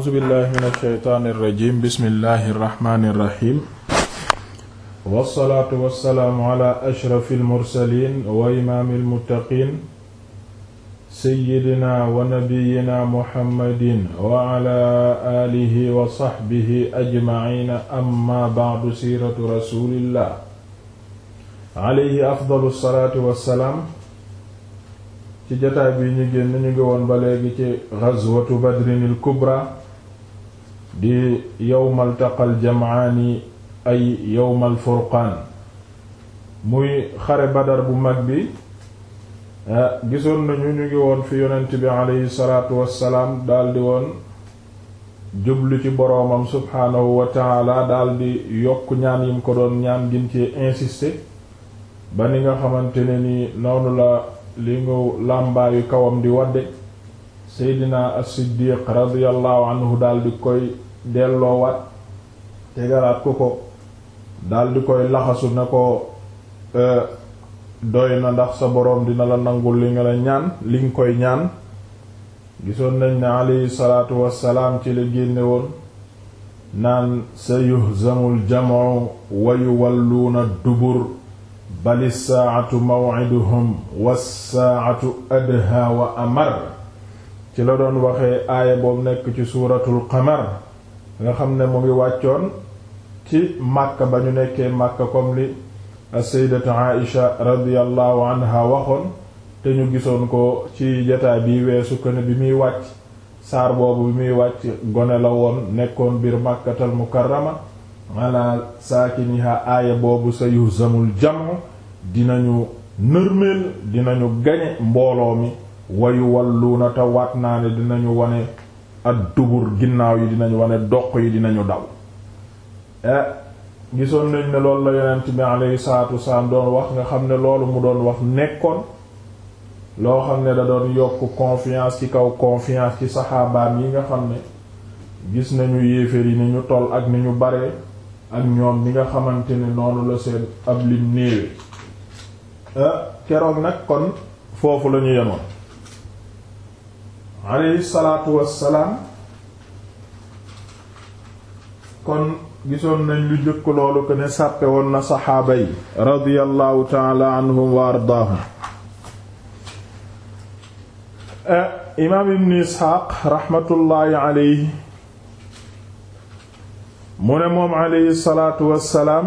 a'uuzu billahi min ashaytaani irrajim bismillahi irrahmani irrahim wassalaatu wassalaamu ala ashrafi almursalin wa imaami almuttaqin seyidina wa nabiyina muhammadin wa ala alihi wa saxbihi ajmaciina amma bacdu siiratu rasulillah alayhi afdalu salaatu wassalaam ci jataay bi ñu génn ñu ngi woon ba léegi ci gazwatu badrinil kubra di yowmal taqal jamaani ay yowmal furqaan muy xare badar bu mag bi eh, gisoon nañu ñu ngi woon fi yonent bi aleyhi salaatu wassalaam daldi woon jublu ci boroomam subhaanahu wa taala daldi yokk ñaan yim ko doon ñaan gin ci insister ba ni nga xamante ne ni noonu la li nga làmbaayu kawam di wadde seydina as-siddiq radiallahu anhu daal di koy delloowaat tegalaat ku ko daldi koy laxasu na ko doy na ndax sa boroom dina la nangu li nga la ñaan li nga koy ñaan gisoon nañ ne alayhi salaatu wassalaam ci la génne woon naan sa yuhzamul jamu wa yuwalluuna dubur bal saa'atu maw'iduhum was saa'atu adha wa amar ci la doon waxee aaya boobu nekk ci suuratul qamar nga xam ne mu ngi wàccoon ci Makka ba ñu nekkee Makka comme li as-sayyidatu Aisha radiyallahu anha waxoon te ñu gisoon ko ci jataay bi weesu ko ne bi muy wàcc saar boobu bi muy wàcc gone la woon nekkoon biir Makkatal Mukarrama ala saakiniha aaya boobu sa yuhzamul jamu dinañu nërmeel dinañu gañe mbooloo mi wayu walluuna te waat naa ne dinañu wane ak ginnaaw yi dinañu wane doq yi dinañu daw eh gisoon nañ ne loolu la yonent bi alayhi salaatu wasalaam doon wax nga xam ne loolu mu doon wax nekkoon loo xam ne da doon yokk confiance ci kaw confiance ci saxaabaan yi nga xam ne gis nañu yéeféer yi ni ñu toll ak ni ñu bare ak ñoom ni nga xamante ne noonu la seen ab lim néewe eh, keroog nag kon foofu lañu yemoon alayhi salaatu wassalaam kon gisoon nañ lu jëkk loolu ko ne sàppe woon na saxaaba yi radiyallahu taala anhum wa ardaahum eh, imaam ibn isxaaq raxmatullaahi alayhi mu ne moom alayhi salaatu wassalaam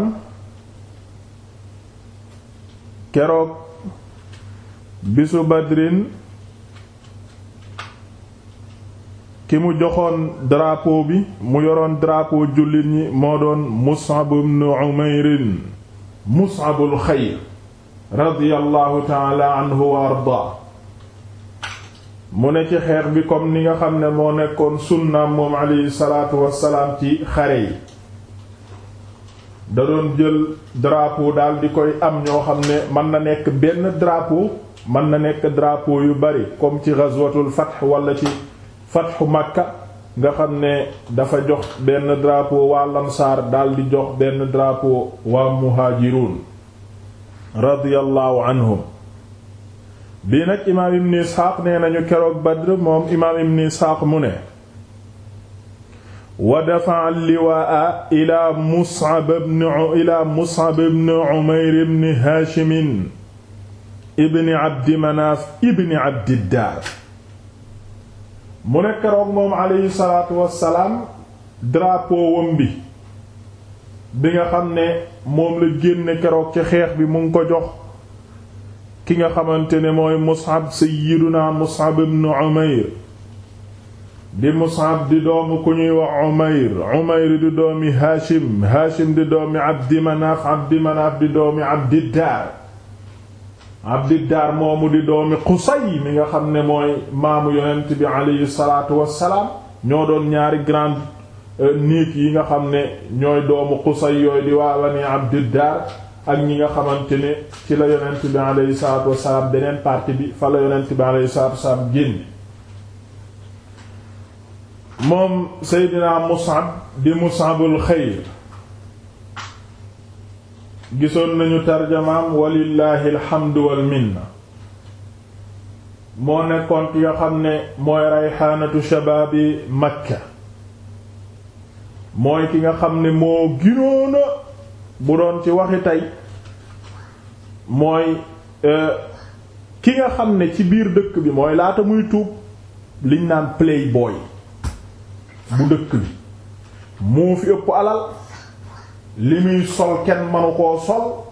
keroog bisu badrin ki mu joxoon drapeau bi mu yoroon drapeau jullit ñi moo doon Mus'ab ibn Umayr Mus'abul xayr radiyallahu taala anhu wa ardaa mu ne ci xeex bi comme ni nga xam ne moo nekkoon sunnaam moom alayhi salaatu wassalaam ci xare yi da doon jël drapeau daal di koy am ñoo xam ne mën na nekk benn drapeau mën na nekk drapo yu bari comme ci ghazwatul fath walla ci fatxu Makka nga xam ne dafa jox benn drapeau waa lamsaar daldi jox benn drapeau waa muhaajiruun radiyallahu anhum bii nag imaam ibn isxaaq nee nañu keroog Badr moom imaam ibn isxaaq mu ne wa dafa'a liwaa'a ila Mus'ab ibn ila Mus'ab ibn Umayr ibn Haashim ibn Abdi Manaaf ibn Abdi Daar mu ne keroog moom aleyhi salaatu wassalaam drapeau wam bi bi nga xam ne moom la génne keroog ci xeex bi mu ngi ko jox ki nga xamante ne mooy Mus'ab sayyiduna Mus'ab ibn Umayr di Mus'ab di doomu ku ñuy wax Umayr Umayr di doomi Haashim Haashim di doomi Abdi Manaaf Abdi Manaaf di doomi Abdi Daar abdiddar moomu di doomi Qusay mi nga xam ne mooy maamu yonent bi aleyhi salaatu wassalaam ñoo doon ñaari grande euh, néeg yi nga xam ne ñooy doomu Qusay yooyu di waa bani abdiddar ak ñi nga xamante ne ci la yonent bi aleyhi salaatu wassalaam beneen partie bi fa la yonent bi aleyhi salaatu moom Seydina Mus'ab di Mus'abul Xayr gisoon nañu tarjamaam walillaahi alxamdu wal minna moo nekkoon ki nga xam ne mooy rayxaanatu shabaabi makka mooy ki nga xam ne moo ginoona bu doon ci waxi tey mooy euh, ki nga xam ne ci biir dëkk bi mooy laata muy tuub liñ naan playboy bu dëkk bi moo fi ëpp alal li muy sol kenn manu koo sol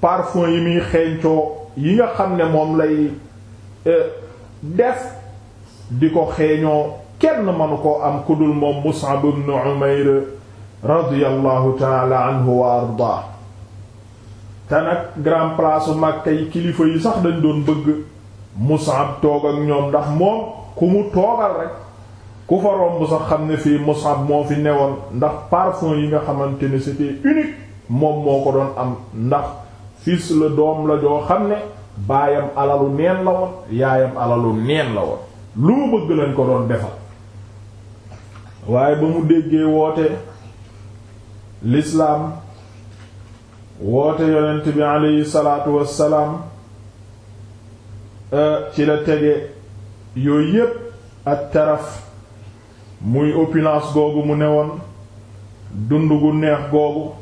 parfum yi muy xeeñcoo yi nga xam ne moom lay e, def di ko xeeñoo kenn manu koo am ku dul moom Mus'ab ibn Umayr radiyallahu taala anhu wa ardaa te nag grand place Makka yi kilifa yi sax dañ doon bëgg Mus'ab toog ak ñoom ndax moom ku mu toogal rek ku fa romb sax xam ne fii Mus'ab moo fi newoon ndax parfum yi nga xamante ne c'était unique moom moo ko doon am ndax fils la doom la joo xam ne baayam alalu neen la woon yaayam alalu neen la lu mu bëgg lañ ko doon defal waaye ba mu déggee woote lislaam woote yonent bi aleyhi salaatu wassalaam euh, ci la tege yooyu yépp ak taraf muy opulence googu mu newoon dund gu neex googu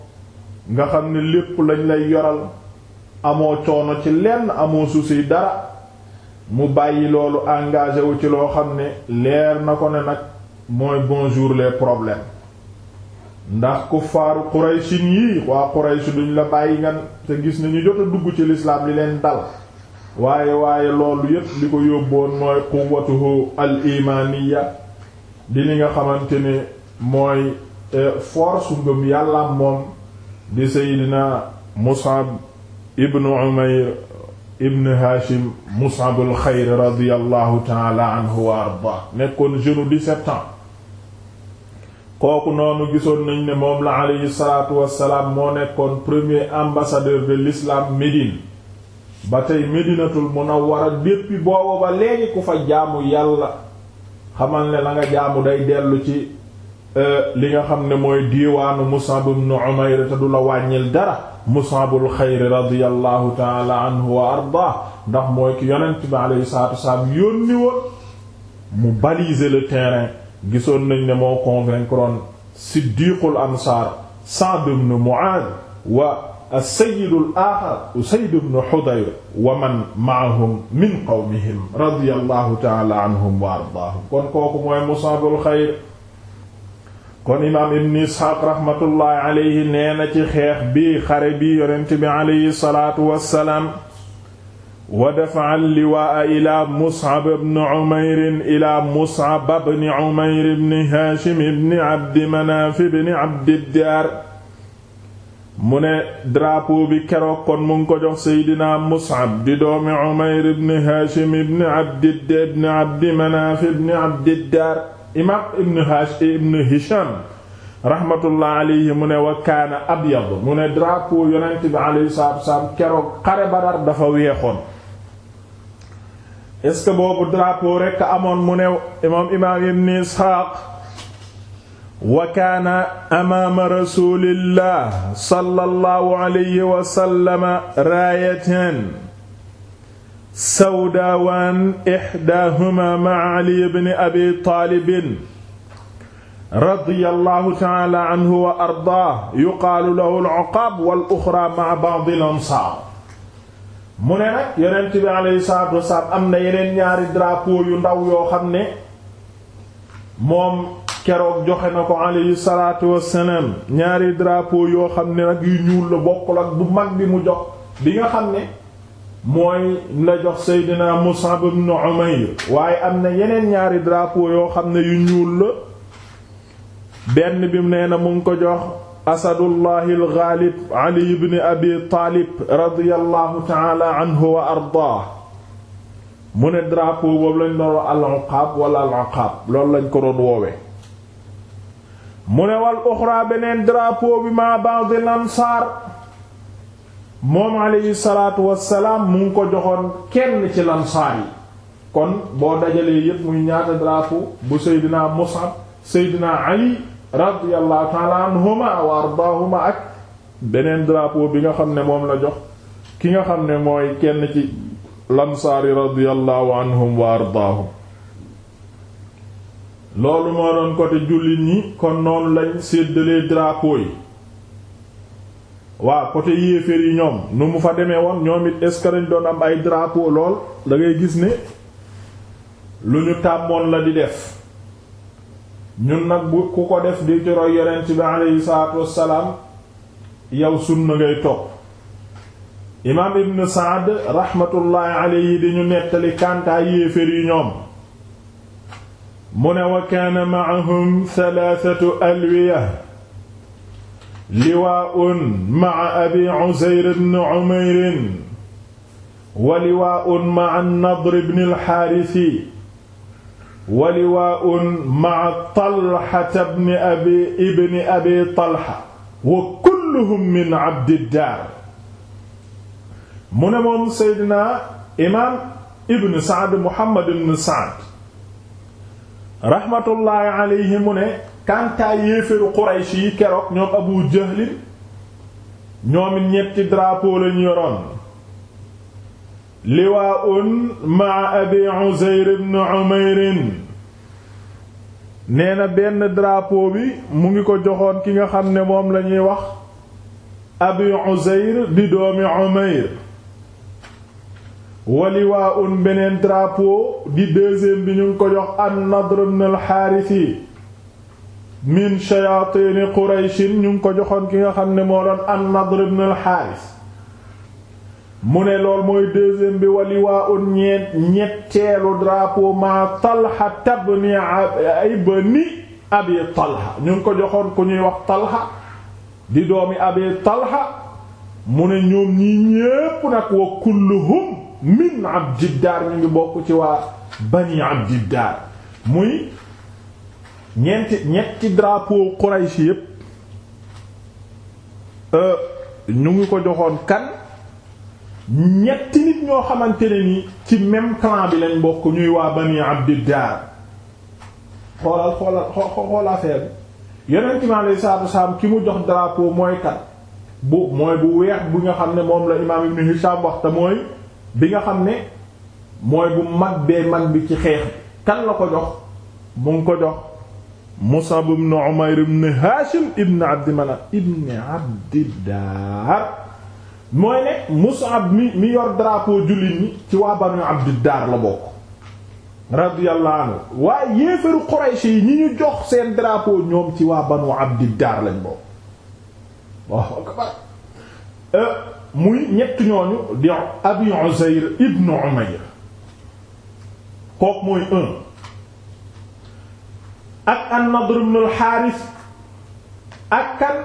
nga xam ni lépp lañ lay yoral amoo coono ci lenn amoo souci dara mu bàyyi loolu engagé wu ci loo xam ne leer na ko ne nag mooy bonjour les problèmes ndax ku faaru Quraysin yii waa Quraysh duñ la bàyyi ngan te gis nañu jot a dugg ci lislaam li leen dal waaye waaye loolu yépp li ko yóbboon mooy quwwatuhu al imaaniya di li nga xamante ni mooy e, force ngëm yàlla moom di seydina musab ibnu umayr ibn hashim musabul xayr radiallahu taala nekkoon jeune dix-sept ans kooku noonu gisoon nañ ne moom la moo nekkoon premier ambassadeur de l'islam Médine ba tey Médinatul Munawwara déppi boobu ba léegi ku fa jaamu yàlla xamal ne la nga jaamu day dellu ci euh, li nga xam ne mooy diiwaanu Mus'ab ibn Umayr te du la wàññil dara Mus'abul xayri radiyallahu taala anhu wa ardaa ndax mooy ki yonent bi alayhi salaatu wasalaam yónni woon mu baliser le terrain gisoon nañ ne moo convaincroon Siddiqul Ansaar Sa'd ibn Mu'aaz wa as-sayyidul aaxar Usayd ibn Hudayr wa man ma'ahum min qawmihim radiyallahu ta'ala anhum wa ardaahum kon kooku mooy Musaabul Xayr kon imaam Ibn Isxaaq rahmatullahi alayhi nee na ci xeex bii xare bii yonent bi alayhi salaatu wassalaam wa dafa'a liwaa'a ilaa Mus'ab ibn Umayr ilaa Mus'ab ibn Umayr ibn Haashim ibn Abdi Manaaf ibn Abdi Daar mu ne drapeau bi keroog kon mu ngi ko jox seydina mus'ab di doomi umayr ibn haashim ibn abdid ibn abdi manaaf ibn abdiddaar imaam ibn haash ibn hisham rahmatullah mu ne wa kaana abyad mu ne drapeau yonent bi alayhi keroog xare badar dafa weexoon est boobu drapeau rekk amoon mu ne imaam ibn isxaaq wa kaana amaama rasulillah sallallahu alayhi wa sallama raayatan sawdaawaan ixdaahuma ma'a ali ibn abi taalibin radiyallahu ta'ala anhu wa ardaah yuqaalu lahu al-uqaab wal-uxraa ma'a ba'd al-ansaar mu ne nag yonent bi alayhi salaatu wasalaam am na yeneen ñaari drapeau yu ndaw yoo xam ne moom keroog joxe na ko alayhi salaatu wassalaam ñaari drapeau yoo xam ne nag yu ñuul la bokkul ak bu mag bi mu jox bi nga xam ne mooy la jox Seydina Mus'ab ibn Umayr waaye am na yeneen ñaari drapeau yoo xam ne yu ñuul la benn bi nee na mu ko jox asadullahi al-ghaalib Ali ibn Abi Taalib radiyallahu ta'ala anhu wa ardaah mu ne drapeau boobu lañ doon al-uqaab wala al-uqaab loolu lañ ko doon woowe mu ne wal uxra beneen drapeau bi ma ba'dil ansaar moom alayhi salaatu wassalaam mu ngi ko joxoon kenn ci lansaar kon boo dajalee yépp muy ñaata drapeau bu seydinaa Mus'ab seydinaa Ali radiyallahu ta'ala anhuma wa ardaahuma ak beneen drapeau bi nga xam ne moom la jox ki nga xam ne mooy kenn ci lansaar yi radiyallahu anhum wa ardaahum loolu moo doon côté jullit ñi kon noonu lañ séddalee drapeau yi waa côté yéeféer yi ñoom nu mu fa demee woon ñoom it est doon am ay drapeau lool dangay gis ni lu ñu tàmmoon la di def ñun nag bu ku ko def di ci roy yonent bi aleyhi salaatu wassalaam yow sunna ngay topp imaam ibn Saad rahmatullahi aleyhi di ñu nettali kantaa yéeféer yi ñoom mu ne wa kaana ma'ahum thalathatu alwiya liwaa'un ma'a abi Uzayr ibn Umayr wa liwaa'un ma'a an-Nadr ibn al-Haarith wa liwaa'un ma'a Talha ibn abi ibn abi Talha wa kulluhum min abdi daar mu ne moom Seydina imaam Ibn Sa'd Muhammad ibn Sa'd rahmatullahi alayhi mu ne kantaa yéeféru Quraysh yi keroog ñoom Abu Jahl ñoom it ñetti drapeau lañu yoroon liwaa'un ma'a Abi Uzayr ibn Umayr nee na benn drapeau bi mu ngi ko joxoon ki nga xam ne moom lañuy wax Abi Uzayr di doomi Umayr waliwaa un beneen drapeau di deuxième bi ñu ngi ko jox an-Nadr ibn al-Harith min shayatin Quraysh ñu ngi ko joxoon ki nga xam ne moo doon an-Nadr ibn al mu ne lool mooy deuxième bi waliwaa un ñeent ñetteelu drapeau ma Talha ibn ibn Abi Talha ñu ngi ko joxoon ku ñuy wax Talha di doomi Abi Talha mu ne ñoom ñi ñépp nag wa kulluhum min abdiddaar ñu ngi bokk ci waa bani abdiddaar muy ñeenti ñetti drapeau Quraysh yépp euh, ñu ngi ko joxoon kan ñetti nit ñoo xamante ne ni ci même clan bi lañ bokk ñuy waa bani abdiddaar xoolal xoolal xool affaire bi yeneen ci maanaam saabu saabu ki mu jox drapeau mooy kan bu mooy bu weex bu nga xam ne moom la imaam Ibn Hisham waxta mooy. bi nga xam ne mooy bu mag bee mag bi ci xeex kan la ko jox mu ngi ko jox Musab ibn Umayr ibn Hashim ibn Abd Manaf ibn Abd Dar mooy ne Mus'ab mi mi yor drapeau jullit ñi ci waa Banu Abd Dar la bokk radiyallahu waaye yéefaru Quraysh yi ñi ñu jox seen drapeau ñoom ci waa Banu Abd Dar lañ bokk muy ñetti ñooñu di abi Uzayr ibn Umayr kook mooy un ak an-Nadr ibn al-Harith ak kan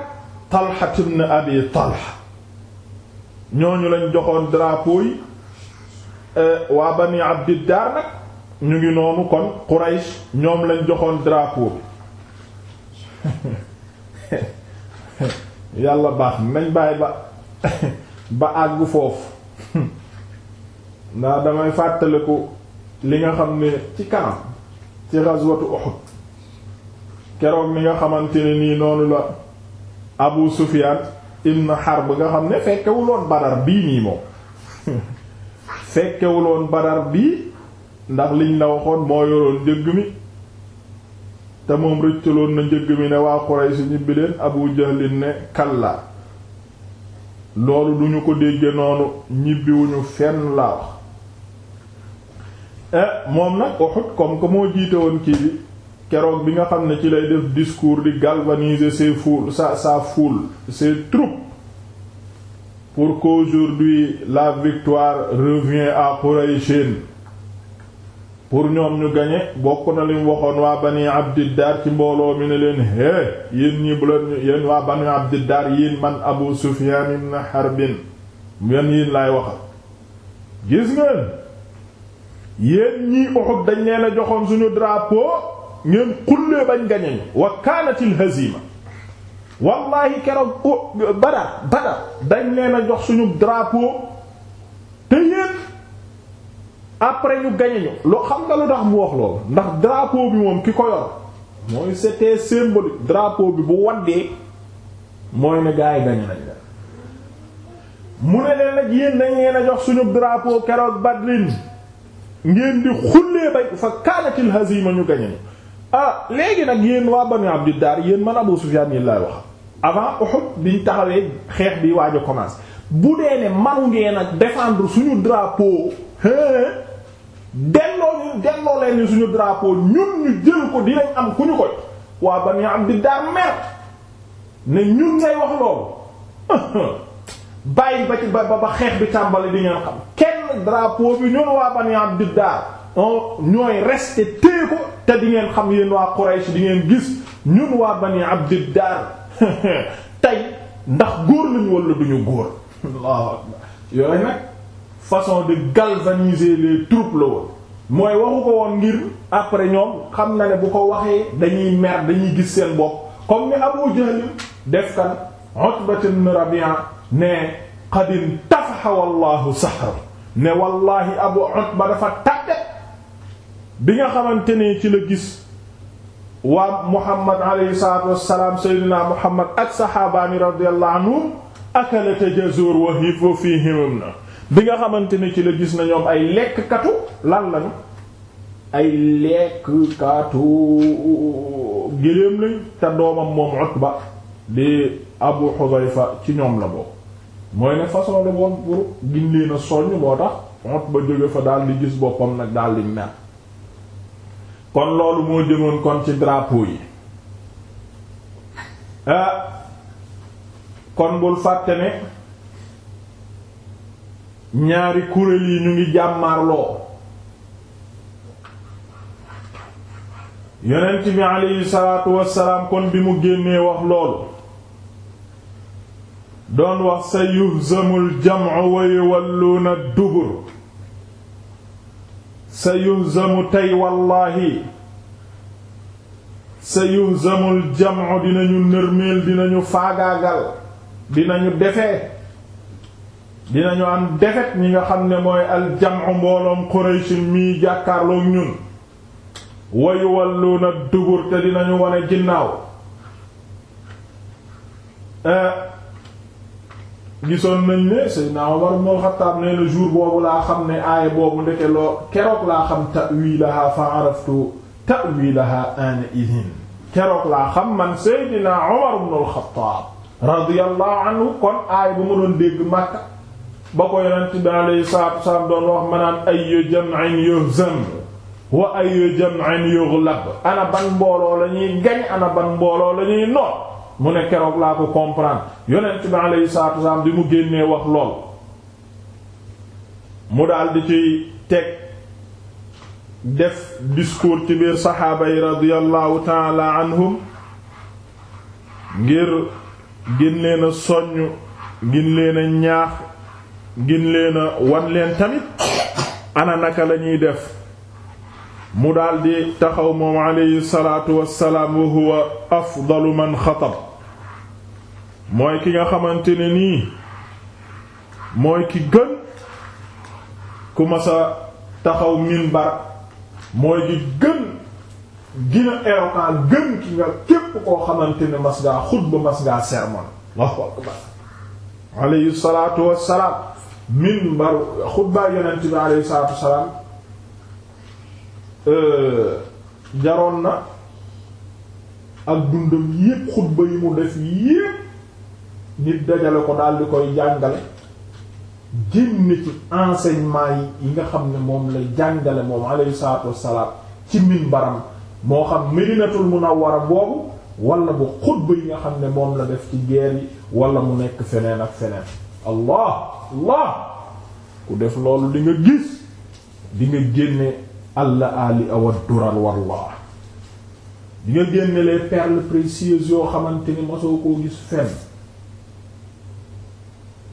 Talha Abi Talha ñooñu lañ joxoon drapeau yi euh, waa Bani Abdiddar nag ñu ngi noonu kon Quraysh ñoom lañ joxoon drapeau bi yàlla baax nañ bàyyi ba ba àgg foofu ndax damay fàttaliku li nga xam ne ci kanam ci ghazwatu Uhud keroog mi nga xamante ne nii noonu la Abu Sufyan xar Harb nga xam ne fekkewuloon Badar bii nii moom fekkewuloon Badar bii ndax liñ la waxoon moo yoroon njëgg mi te moom rëccaloon na njëgg mi ne waa Quraysh ñibbi leen Abu Jahl ne kalla loolu du ñu ko dégge noonu ñibbiwuñu fenn laa wax eh, moom nag Uhud comme que moo jiite woon kii bi keroog bi nga xam ne ci lay def discours di galvaniser ses foules sa sa foule ses troupes pour qu'aujourd'hui la victoire revient à Qurayshin pour ñoom ñu gañe bokk na lim waxoon waa bani abdiddar ci mbooloo mi ne leen hé yéen ñi bu leen yéen waa bani abdiddar yéen man abu sufyan ibn harbin yéen yéen laay waxa gis ngeen yéen ñii Uhud dañ leen a joxoon suñu drapeau ngeen xullee bañ gañe wa kaanatil hazima wallahi keroog Badar Badar dañ leen a jox suñu drapeau te yéen après ñu gañe ñu loo xam nga lu tax mu wax loolu ndax drapeau bi moom ki ko yor mooy c'était symbolique drapeau bi bu waddee mooy ne gars yi gañe nañ la mu ne leen nag yéen dañ leen a jox suñu drapeau keroog Badrin ngeen di xullee bay fa kaalatil hazima ñu gañe ñu ah léegi nag yéen waa Banu Abdid Dar yéen man Abu Sufyan yi laay wax avant Uhud taxawee xeex bi waaj a commencé bu dee ne manu ngeen delloo ñun leen ñu suñu drapeau ñun ñu jël ko dinañ am ku ñu koy waa ba ñu am di daar mer ne ñun ngay wax loolu bàyyi ba ci ba ba xeex bi tàmbali di ngeen xam kenn drapeau bi ñun waa ba ñu am di daar oh, ñooy rester ko te di ngeen xam yéen waa Quraysh di ngeen gis ñun waa bani abdiddar tey ndax góor lañu walla duñu góor Allahu akbar yooyu nag façon de galvaniser les troupes la woon mooy waxu ko woon ngir après ñoom xam na ne bu ko waxee dañuy mer dañuy gis seen bopp comme ni Abu Jahl def kan Utbat ibn Rabi'a ne qad Abu Utba dafa tàggat bi nga xamante ne ci la gis waa Muhammad alayhi salaatu wassalaam Seydina Muhammad ak saxaabaani radiyallahu anhum akalata jazuur wa fiihim na bi nga xamante ni ci la gis na ñoom ay lekkkatu lan lañu ay lekkkatu géléem lañ te doomam moom ba di Abu Hudhayfa ci ñoom la boobu mooy ne façon la moom pour gindee na soññ moo tax Utba jóge fa daal di gis boppam nag daal di mer kon loolu moo jëmoon kon ci drapeau yi ah kon bul fàtte ne ñaari kuréel yi ñu ngi jàmmarloo yonent bi aleyhi salaatu wassalaam kon bi mu génnee wax loolu doon wax sa yuhzamul jam'u wa yuwalluuna dubur sa yuhzamu tey wallaahi sa yuhzamul jam'u dinañu nërmeel dinañu faagaagal dinañu defee dinañu am defet ñi nga xam ne mooy aljamu mbooloom Quraysh mii jàkkaarloog ñun wa yuwalluuna dubur te dinañu wone ginnaaw eh, gisoon nañ ne Seydina Omar moo Xattaab nee jour boobu laa xam ne aaya boobu ndeke loo keroog laa xam ta'wiilaha fa araftu ta'wiilaha ana idin keroog laa xam man Seydina Omar ibn al radiyallahu anhu kon aaya bu ma doon dégg Makka ba ko yonent bi alayhi salaatu wasalaam doon wax manaan ayyu jam'in yuhzam wa ayyu jam'in yughlab ana ban mbooloo la ñuy gañ ana ban mbooloo la ñuy mu ne keroog laa ko comprendre yonent bi alayhi salaatu wasalaam bi mu génnee wax lool mu daal di ciy teg def discours ci biir saxaaba yi radiyallahu taala anhum ngir gën leen soññ gën leen ñaax ngin leen a wan leen tamit ana naka la ñuy def mu daldi taxaw moom alayhi salaatu wassalaam wa huwa afdalu man xatab mooy ki nga xamante ne nii mooy ki gën ku masa taxaw minbar mooy ki gën gina éloquent gën ki nga képp koo xamante mas ngaa xutba mas ngaa sermon Allahu akbar alayhi salaatu wassalaam minbar xutbaa yonent bi alayhi salaatu wasalaam euh, jaroon na ak dundam yépp xutba yi mu def yépp nit dajale ko daal di koy jàngale génn ci enseignement yi nga xam ne moom la jàngale moom alayhi salaatu wasalaam ci minbaram moo xam Medinatul Munawwara boobu wala bu xutba yi nga xam ne moom la def ci guerre yi wala mu nekk feneen ak feneen allah allah ku def loolu li nga gis di nga génne alla ali awa dural wallah di nga génne les perles précieuses yoo xamante ni mosoo koo gis fenn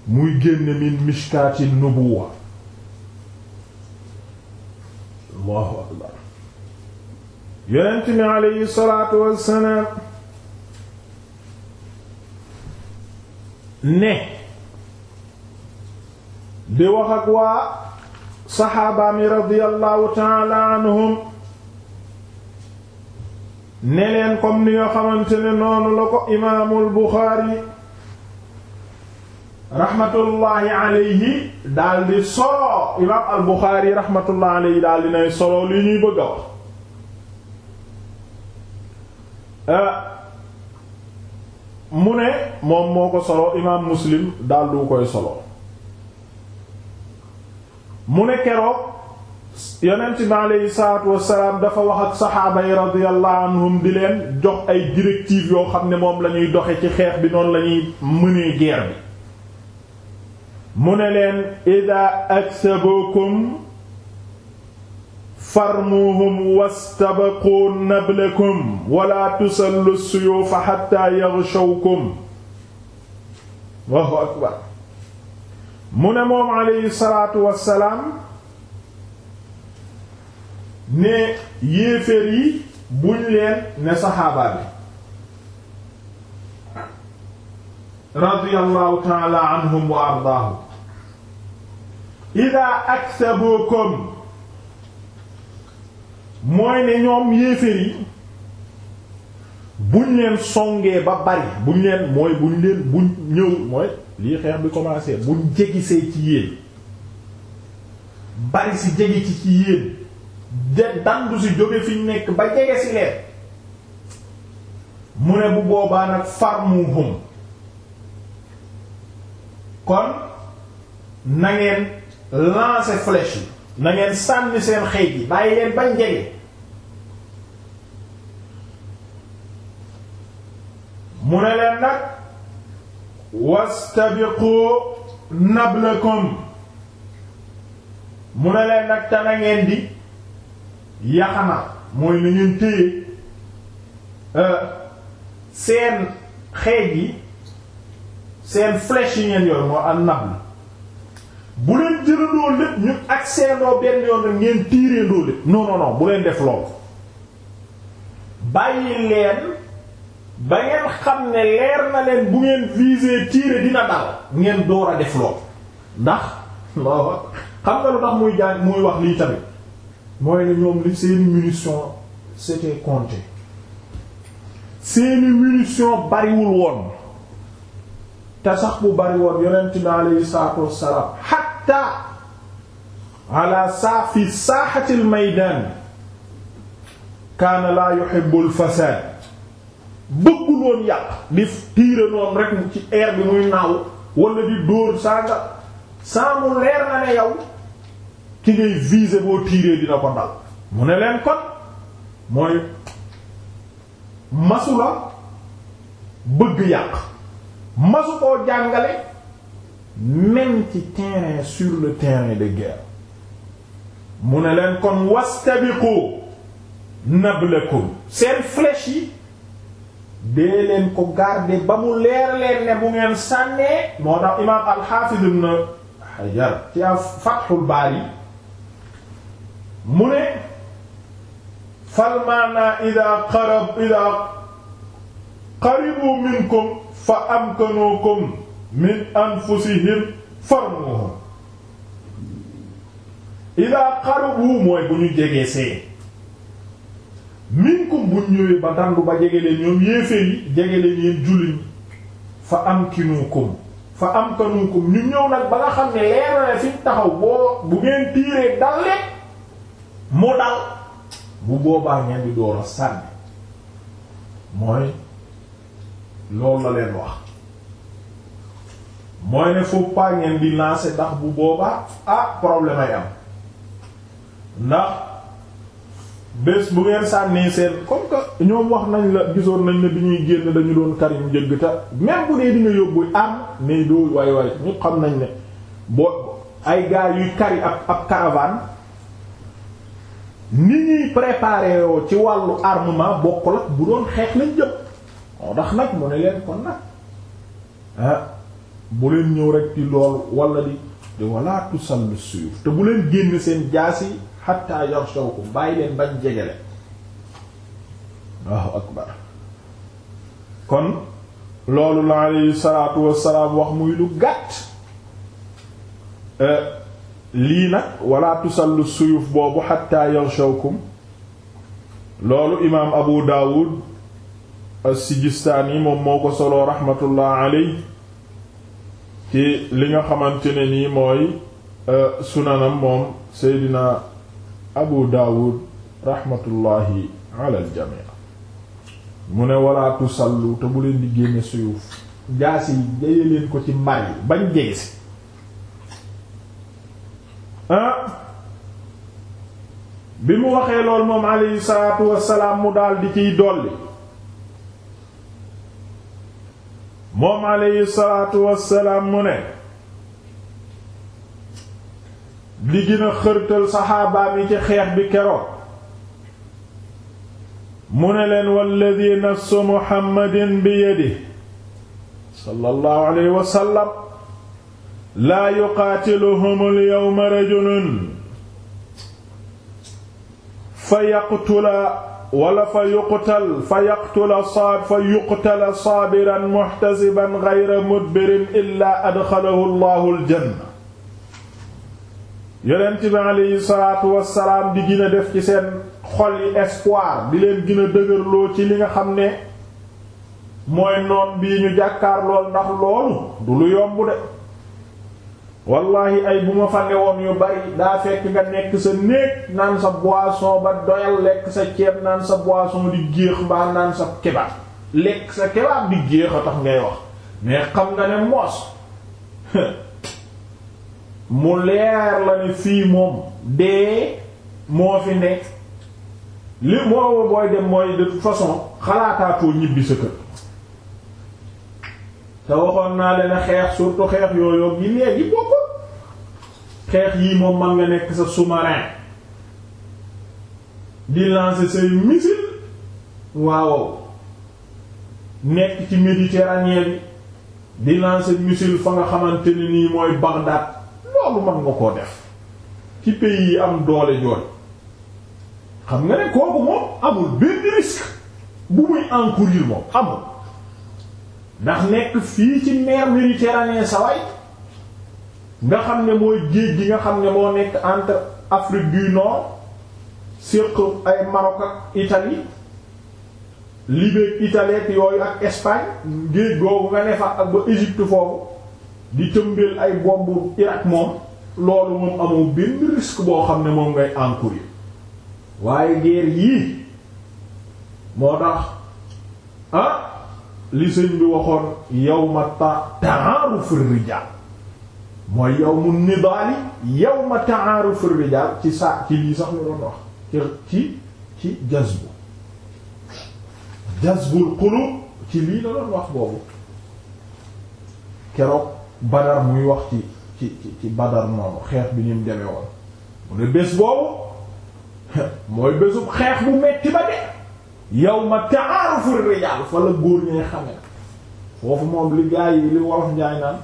muy génne min mishkaati nubuwa allahu akbar yonent mi aleyhi salaatu wassalaam ne di wax ak waa saxaabaami radiyallahu taala anhum ne leen comme ni nga xamante ne noonu la ko imaamul Buxaari raxmatullaahi alayhi daldi solo imaam al Buxaari raxmatullaahi alayhi daldi nay solo li ñuy bëgg a eh, mu ne moom moo ko solo imaam Muslim daldi koy solo mu ne keroog yonent bi aleyhi salaatu wassalaam dafa wax ak saxaaba yi radiyallahu anhum leen jox ay directives yoo xam ne moom lañuy doxe ci xeex bi noon la ñuy mënee bi mu ne leen ida aksabukum farmuhum wastabaqu nablakum wala tusallu suyufa hatta yaghshawkum Allahu akbar mu ne moom aleyhi salaatu wassalaam ne yéeféer yi buñ leen ne saxaaba bi radiyallahu anhum wa ardaahum idaa aksabukum mooy ne ñoom yéeféer yi buñ leen songee ba bari buñ leen mooy buñ leen buñ ñëw mooy lii xeex bi commencé buñ jégisee ci yéen bari si jege ci ci yéen dandu si jóge fi nekk ba jege si leen mu ne bu boobaa nag farmuhum kon na ngeen lancer yi na ngeen sànni seen xëy yi bàyyi leen bañ jege mu ne leen nag wastabiqu nablakum mu ne leen nag te na ngeen di yaxanal mooy na téye euh, seen xeej yi seen flèche yi ngeen yor moo am nabl bu leen jëlandoo lépp ñu agseendoo benn yoon rek ngeen tiireendoo lépp non non non bu leen def loolu bàyyi leen ba ngeen xam ne leer na leen bu ngeen viser tirer dina dal ngeen door a def lool ndax waaw xam nga lu tax muy jàng muy wax lii tamit mooy ne ñoom li seeni munition c'était compté seeni munition bariwul woon te sax bu bari woon yonent bi aleyhi salaatu wassalaam hatta ala saa fi saaxatil maydaan kaana laa yuhibbul fasaad bëggul woon yàlla di tiire noonu rek ci air bi muy naaw walla di dóor saa nga saa mu leer na ne yow ki ngay viser boo tiiree dina ko dal mu ne leen kon mooy masu la bëgg yàq masu koo jàngale même ci terrain sur le terrain de guerre mu ne leen kon wastabiqu nablakum seen flèche yi dee leen ko garder ba mu leer leen ne bu ngeen sànnee moo tax imaam al-Hafiz ibn Hajar ci Fathul Bari mu ne fal maana ida qarab minkum fa amkanukum min anfusihim farmuhum ida qarabu mooy bu ñu jegee see minkum bu ñëwee ba dandu ba jege leen ñoom yéeféer yi jege leen yéen jullit ñi fa amkinukum fa amkanukum ñu ñëw nag ba xam ne leer na fi taxaw boo bu ngeen tiiree dal leen mu dal bu boobaa ngeen di door a sànni mooy loolu la leen wax mooy ne faut pas ngeen di lancer ndax bu boobaa ah problème ay am ndax bés bu ngeen sànnee seen comme que ñoom wax nañ la gisoon nañ ne bi ñuy génn dañu doon karim jëgg ta même bu dee di nga yóbbu arme mais doo waay waay ñu xam nañ ne boo ay gars yuy kari ab ab caravane ni ñuy préparer ci wàllu armement bokkul ak bu doon xeex lañ jëm moo tax nag mu ne leen kon nag ah bu leen ñëw rek ci loolu wala di di wala tusal suyuf te bu leen génn seen jaas yi hatta yarshawkum bàyyi leen bañ jegele waaw akbar kon loolu la wax muy lu gàtt euh, lii nag wala tusallu suyuf boobu hatta yarshawkum loolu imaam abu daawud as moom moo ko soloo rahmatullah alayhi ci li nga xamante ne nii mooy euh, sunanam moom seydina abu daawud raxmatullahi ala aljami mu ne walaatu tusallu te bu leen di génne suyuf jaas yi jëye leen ko ci mbar bañ jege si ah! bi mu waxee lool moom alayhi salaatu wassalaam mu daal di ciy dolli moom alayhi salaatu wassalaam mu ne li gën a xërtal saxaabaam yi ci xeex bi keroog mu ne leen walladi nafsu muhammadin bi yadi sallallahu alayhi wa sallam laa yuqaatiluhum alyawma rajulun fa yaqtula wala fa yuqtal fa yaqtula saab fa yuqtala saabiran muxtasiban gayra mudbirin illaa adxalahu allahu aljanna yonent bi aleyhi salaatu wassalaam di gën a def ci seen xol yi espoir di leen gën a dëgërloo ci li nga xam ne mooy noon bii ñu jàkkaar lool ndax loolu du lu yomb de wallahi ay bu ma fa newoon yu bari daa fekk nga nekk sa néeg naan sa boisson ba doyal lekk sa ceeb naan sa boisson di géex mbaa naan sa kebaab lekk sa kebaab di géex a tax ngay wax mais xam nga ne moos mu leer la ne fii moom dee moo fi nekk li moo booy dem mooy de toute façon xalaataatoo ñibbi sa te waxoon naa leen xeex surtout xeex yooyu yi léegi bokkul xeex yii moom man nga nekk sa sous-marin di lancer say missile waaw nekk ci Méditerranée bi di lancer missile fa nga xamante ni nii mooy Bagdad loolu mën nga koo def ci pays yi am doole jooy xam nga ne kooku moom amul benn risque bu muy encourir moom xamul ndax nekk fii ci mer Méditerranée saway nga xam ne mooy géej gi nga xam ne moo nekk entre Afrique du Nord surtout ay Maroc ak Italie Libye ak Italie yooyu ak Espagne géej googu nga ne fa ak ba Égypte foofu di tëmbeel ay bombu Irak moom loolu moom amoo benn risque boo xam ne moom ngay encourir waaye guerre yii moo tax ah li sëñ bi waxoon yawma ta'aruf ar-rijal mooy yawmu nidaali yawma ta'aruf ar-rijal ci saa ci lii sax la doon wax ci ci jazbu jazbul qulub ci lii la doon wax boobu keroog Badar muy wax ci ci ci Badar noonu xeex bi ni mu demee woon mu ne bés boobu mooy bésub xeex bu metti ba de yawma ta'arufu rijaal fa la góor ñee xame foofu moom li yi li wolof njaay naan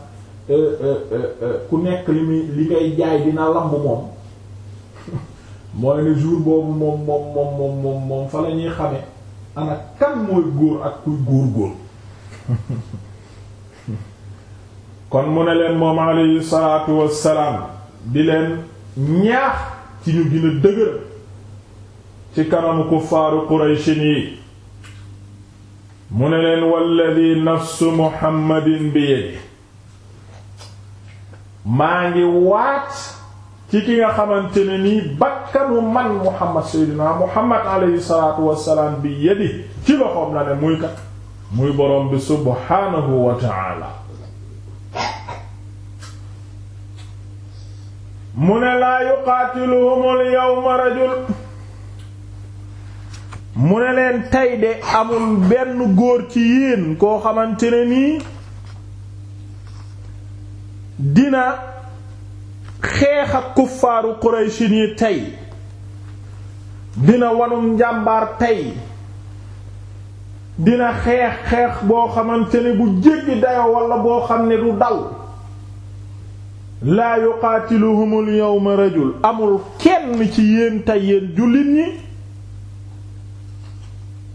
euh, euh, euh, ku nekk li muy li ngay jaay dina lamb moom mooy ne jour boobu moom moom moom moom fa la ñuy xame ana kan mooy góor ak kuy góor góor kon mu ne leen moom alayhi salaatu wassalaam di leen ñaax ci ñu gën a dëgër ci kanamu kuffaaru qurayshin yi mu ne leen walladi nafsu muhammadin bi yadi maa ngi waat ci ki nga xamante ni nii bakkanu man muhammad seydinaa muhammad alayhi salaatu wassalaam bi yadi ci loxoom la ne muy kat muy borom bi subhaanahu wa ta'ala mu ne laa yuqaatiluhumul yawma rajul mu ne leen tey de amul benn góor ci yéen koo xamante nii dina xeex ak kuffaaru Quraysh yi tey dina wanum njàmbaar tey dina xeex xeex boo xamante bu jéggi dayo walla boo xam ne du dal laa yuqaatiluhumul amul kenn ci yéen tey yéen jullit ñi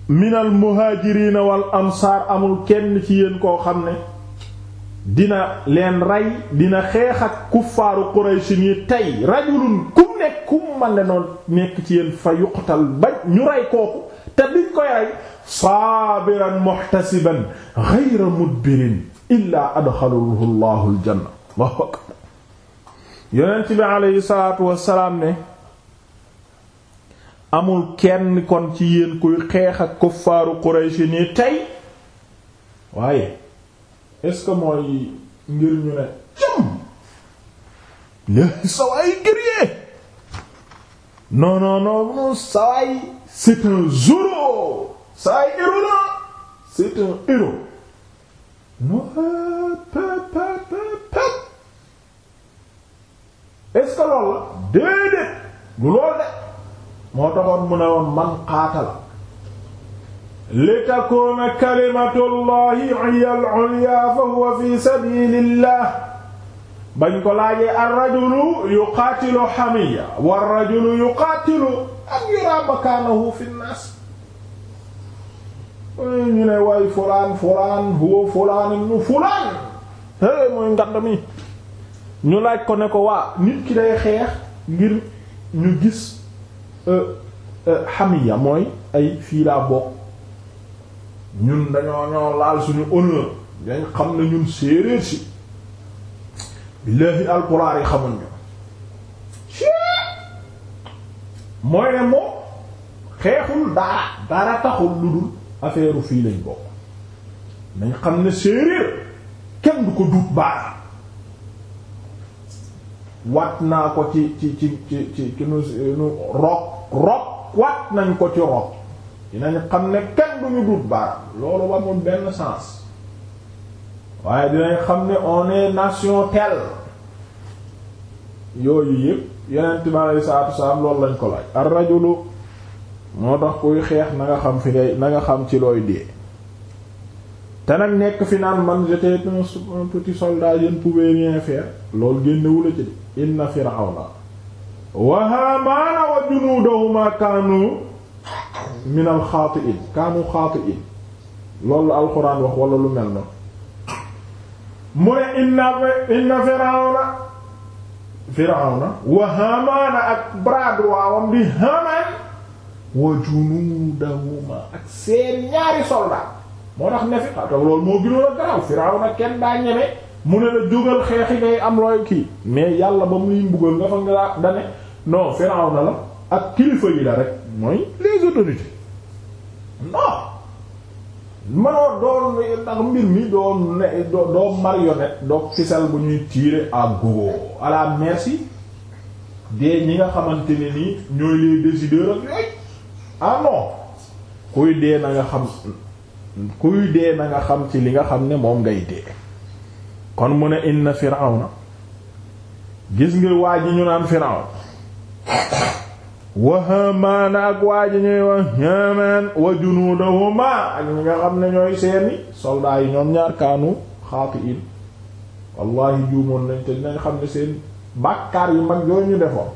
minal muhaajiriina wal ansaar amul kenn ci yéen koo xam ne dina leen rey dina xeex ak kuffaaru Quraysh yi tey rajulun ku nekk ku man la noon nekk ci yéen fa yuqtal ba ñu rey kooku te biñ koy rey saabiran muhtasiban ghayra mudbirin illaa adxalahu Allahu aljanna yonent bi aleyhi salaatu wassalaam ne amul kenn kon ci yéen kuy xeex ak kuffaaru Quraysh nii tey waaye est-ce ngir ñu ne cam léegi sawaay guerrier non non non non sawaay c'est un zoro sawaay héros la c'est un héros pa pa pa est-ce que loolu la mu ne man qaatala li takuuna kalimatullahi hiya al-ulya fa huwa fi sabilillah bañ ko laajee ar-rajulu yuqaatilu hamiya war-rajulu yuqaatilu an makaanahu fi an-naas ñu ne fulaan fulaan huwa fulaan ibnu fulaan hey mooy ngand ñu laaj ko ne ko waa nit ki day xeex ngir ñu gis xamiya euh, euh, mooy ay fii laa bokk ñun dañoo ñoo laal suñu honneur dañ xam ne ñun séeréer si billaahi alpulaar yi xamuñ ñu mooy ne moom xeexul dara dara taxul lu dul affaire fii lañ bokk nañ xam ne séeréer kenn du ko duut baara wat naa ko ci ci ci ci ci ci nu nu rok rok nañ ko ci rok dinañ xam ne kenn duñu dut baaraam loolu amul benn sens waaye dinañ xam ne on est nation telle yooyu yëpp yeneen bi aleyi salatu wasalaam lañ ko laaj ar rajulu moo tax kuy xeex na nga xam fi ngay na nga xam ci looy dee te nag nekk fi naan man j'étais un petit soldat je ne pouvais rien faire loolu génnewula ci inna firawna wa haamaana wa kaanu min al xaatiin kaanu xaatiin loolu alxuraan wax wala lu mel na mu ne inna inna firawna firawna ak bras droit wam di haamaan wa junuudahuma ak seen ñaari soldat moo tax ne fi xaw loolu moo gënoon a garaw firawna kenn daa ñeme mu ne la jógal xeexi ngay am looy kii mais yàlla ba muy mbugal nga fa nga da ne non Firawna la ak kilifa yi la rek mooy les autorités non mënoo doon ndax mbir mi doo marionnette doo ficelle bu ñuy tirer à gogo à la merci des ñi nga xamante ne nii ñooy les décideurs ak yooyu ah non kuy dee na nga xam kuy dee na nga xam ci li nga xam ne moom ngay dee. kon mu ne inna firawna gis nga waa ji ñu naan firawn wa ak waa ji ñuy wax hamaan wa junuudahuma ak ñi nga xam ne ñooy seeni soldats yi ñoom ñaar kaanu xaati'in wallahi juumoon nañ te dinañ xam ne seen bàkkaar yu mag yooyu ñu defoon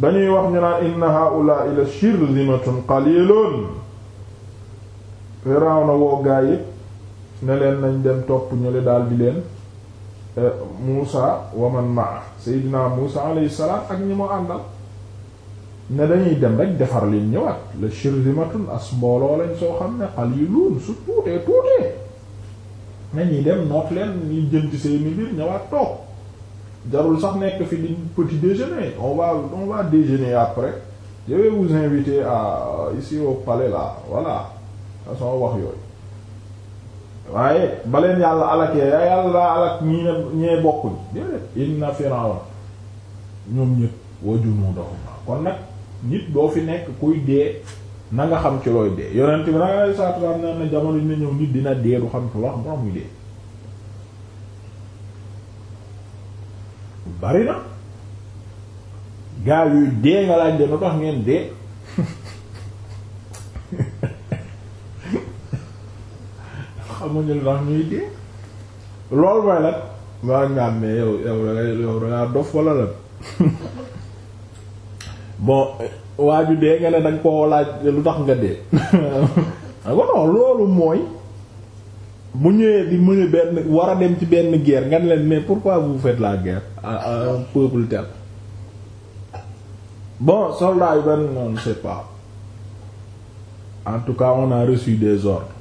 dañuy wax ñu naan inna haa'ulaa'i la shirzimatun qaliilun firawna woo gaa ne leen nañ dem topp ñu le daal di leen Euh, Muusa wa man maa Seydina Muusa salaam ak ñi mu àndal ne dañuy dem rek defar leen ñëwaat la shirzimatun as mbooloo lañ soo xam ne qalilun su tuutee tuutee nañuy dem noot leen ñuy jël ci seeni mbir ñëwaat toog jarul sax nekk fi di petit déjeuner on va on va déjeuner après je vais inviter à ici au palais là voilà façon wax yooyu waaye baleen yàlla alakee yaa yàlla alak ñii ne ñee bokkuñ déedéet inna firawn ñoom ñëpp wa junuuduhum kon nag nit boo fi nekk kuy dee na nga xam ci looy dee yonent bi nag ay saatu am na ne jamono dina ñëw nit dina dee du xam ci loo xam moo muy dee bari na gaa yuy dee nga laaj de nu tax ngeen dee xamuñu lu tax ñuy dee loolu mooy ñëwee di mën benn war a dem ci benn guerre nga ne leen mais pourquoi vous faites la guerre peuple tel bon soldats benn non pas en tout cas on a reçu des ordres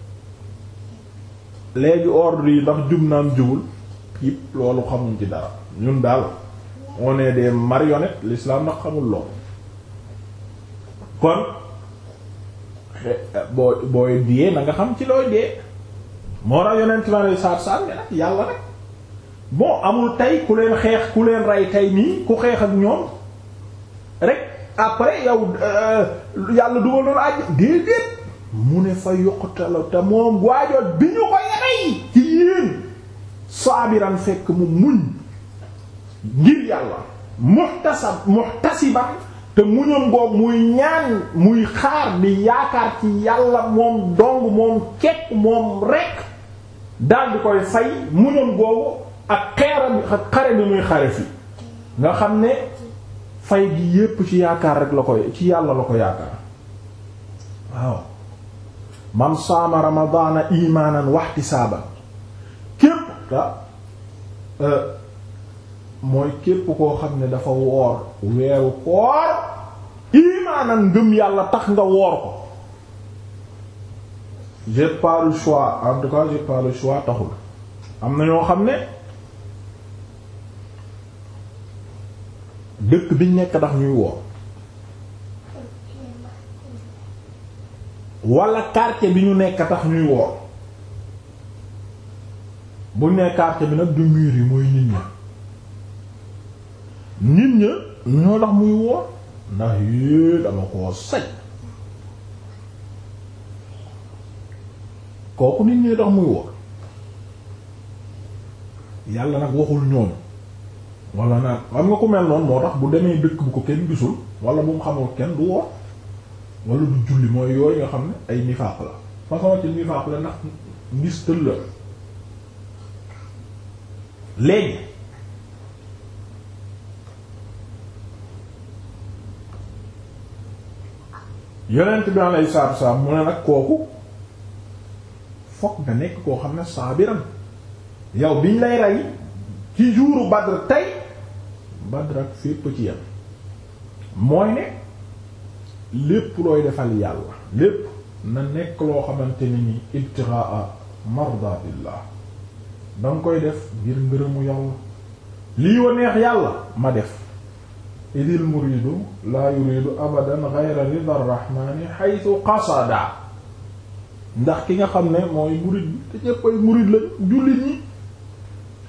léegi ordre yi ndax jub naam jubul yëpp loolu xamuñ ci dara ñun daal on est des marionnettes l'islam ndax xamul loolu kon boo booy diyee na nga xam ci looy dee moo tax yonent ma lay saar saar nga nag yàlla rek bon amul tey ku leen xeex ku leen rey tey nii ku xeex ak ñoom rek après yow euh, yàlla dugal noonu àjj déedéet mu ne fa yuqtalu te moom waajoot bi ñu ko yarey ci yéen saabiran fekk mu muñ ngir yàlla muhtasab muhtasiban te muñoon boobu muy ñaan muy xaar di yaakaar ci yàlla moom dong moom kekk moom rekk daal di koy fay muñoon boobu ak xeera bi xare bi muy xare fi nga xam ne fay gi yépp ci yaakaar rek la koy ci yàlla la ko yaakaar waaw man saama ramadaana imaanan wahtisaaban képp ta ah, euh, mooy képp koo xam ne dafa woor weeru koor imaanan ngëm yàlla tax nga woor ko j'ai pas le choix en tout cas j'ai pas le choix taxul am na ñoo xam ne dëkk biñ nekk tax ñuy woor wala quartier bi ñu nekk tax ñuy woor buñ ne quartier bi nag du mur yi mooy nit ña nit ña ñoo tax muy woor ndax yée dama koo sañ kooku nit ñi tax muy woor yàlla nag waxul ñooñu wala nag am nga ko mel noon moo tax bu demee dëkk bu ko kenn gisul wala bu mu xamul kenn du woor wala du julli mooy yooyu nga xam ne ay nifaaq la façon ci nifaaq la ndax ngis tëll la léegi yonent bi alayhi salaatu wasalaam mu ne nag kooku fokk nga nekk koo xam ne saabiran yow biñ lay rey ci jouru Badr tey Badr ak fépp ci yam mooy ne lépp looy defal yàlla lépp na nekk loo xamante ni ni ibtiraa mardatillah da nga koy def ngir ngërëmu yàlla lii wa neex yàlla ma def idil muridu laa yuridu abadan ghayra rida rahmani haythu qasada ndax ki nga xam ne mooy murid bi te ñépp murid la jullit ñi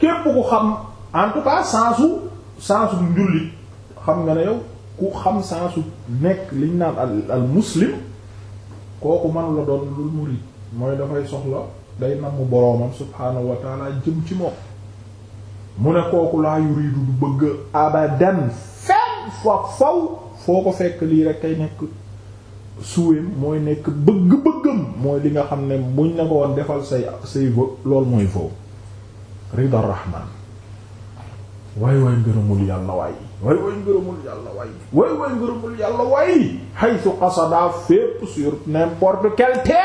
képp ku xam en tout cas sensu sensu xam nga ne yow ku xam saa su nekk liñ naan al al muslim kooku manu la doon lul murid mooy dafay soxla day namm boroomam subhaanahu wa jëm ci moom mu ne kooku laa yuridu du bëgg abadan fenn fa foo ko fekk lii rek kay nekk suweem mooy nekk bëgg-bëggam mooy li nga xam ne buñ ne ko woon defal say say vë loolu mooy foofu rida rahman waay waay ngërëmul yàlla waay waay waay ngërëmul yàlla waay waay waay ngërëmul fépp sur n'importe quelle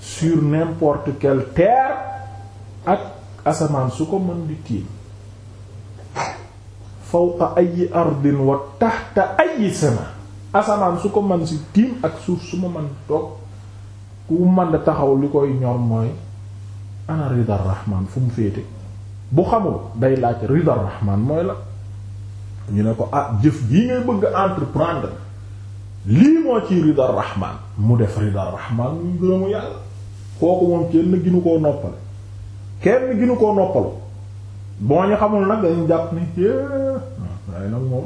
sur n'importe quelle ak asamaan su ko mën di tiim fawqa ay ardin wa tahta ay sama asamaan su ko man si tiim ak suuf su ma mën toog ku mën da taxaw li koy ñor mooy ana ridar fu mu féete bu xamul day laaj rida rahman mooy la ñu ne ko ah jëf gi ngay bëgg entreprendre lii moo ci rida rahman mu def rida rahman mu gërëmu yàlla kooku moom kenn ginu koo noppale kenn ginu koo noppalu boo ñu xamul nag dañu jàpp ni é eh, waaye nag moom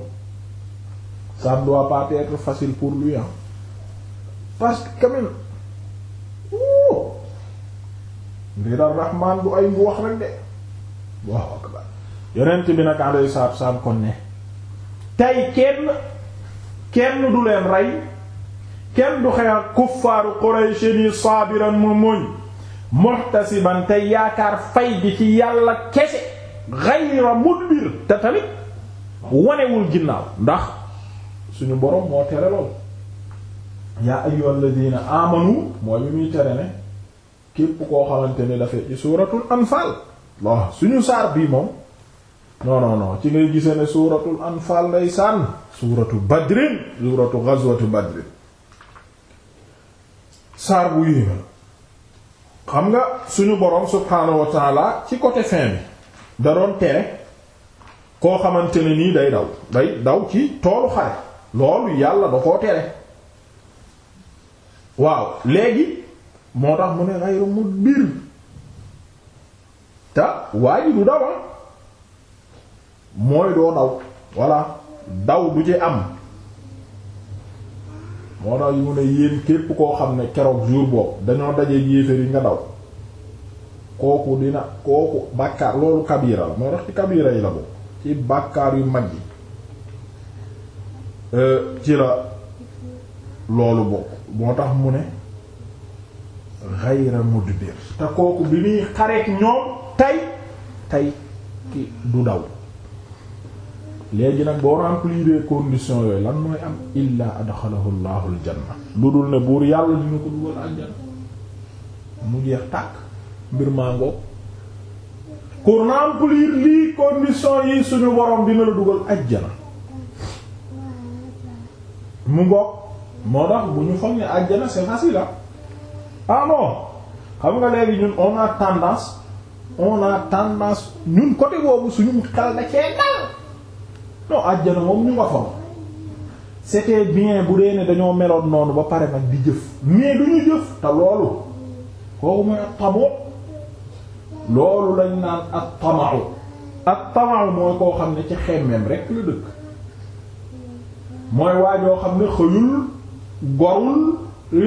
ça ne doit facile pour lui hein parce que quand même rida rahman du ay bu wax rek de Allahu akbar yonent bi nag alayhi salaatu salaam kon ne tey kenn kenn du leen rey kenn du xeex kuffaaru Quraysh ni saabiran mu muñ muhtasiban tey yaakaar fay gi ci yàlla kese ghayra mudbir te tamit wanewul ginnaaw ndax suñu borom moo tere lool yaa ayyuhal ladina amanu mooy bi muy tere ne képp koo xamante ni dafay suuratul anfaal Allah suñu saar bii moom non non ci ngay gise ne suuratul anfaal nday sànn suuratu badrin suuratu ghazwatu badrin saar bu yéema xam nga suñu borom subhaanahu wa taala ci côté fin bi da doon tere koo xamante ne nii day daw day daw ci toolu xare loolu yàlla da koo tere waaw léegi moo tax mu ne xayru mudbir te waaye du dawa ah. mooy doo daw voilà daw du ci am moo tax yu mu ne yéen képp koo xam ne keroog jour boobu dañoo dajeeg yéeféer yi nga daw kooku dina kooku bàkkaar loolu kabira la moo tax ci kabira yi la boobu ci bàkkaar yu mag yi euh, ci la loolu bokk moo tax mu ne xayra mudbir te kooku bi muy xareek ñoom tey tey du daw léegi nag boo remplir conditions yooyu lan mooy am illaa adxalahu llahu aljanna lu dul ne buur yàlla dina ko dugal aljanna mu jeex tàkk mbir mango ku remplir lii conditions yi suñu borom dina la dugal ajjana mu ngoog moo tax bu ñu foog ne ajjana c'est facile ah, ah xam nga léegi ñun on a tendance oo a tendance ñun côté boobu suñu xel da cee dal non àjjana moom ñu nga fa c'était bien bu dee ne dañoo meloon noonu ba pare nag di jëf mais du ñu jëf te loolu kooku mooy at-tamu loolu lañ naan at-tamu at-tamu mooy koo xam ne ci xemmeem rek la dëkk mooy waajoo xam ne xëyul gorul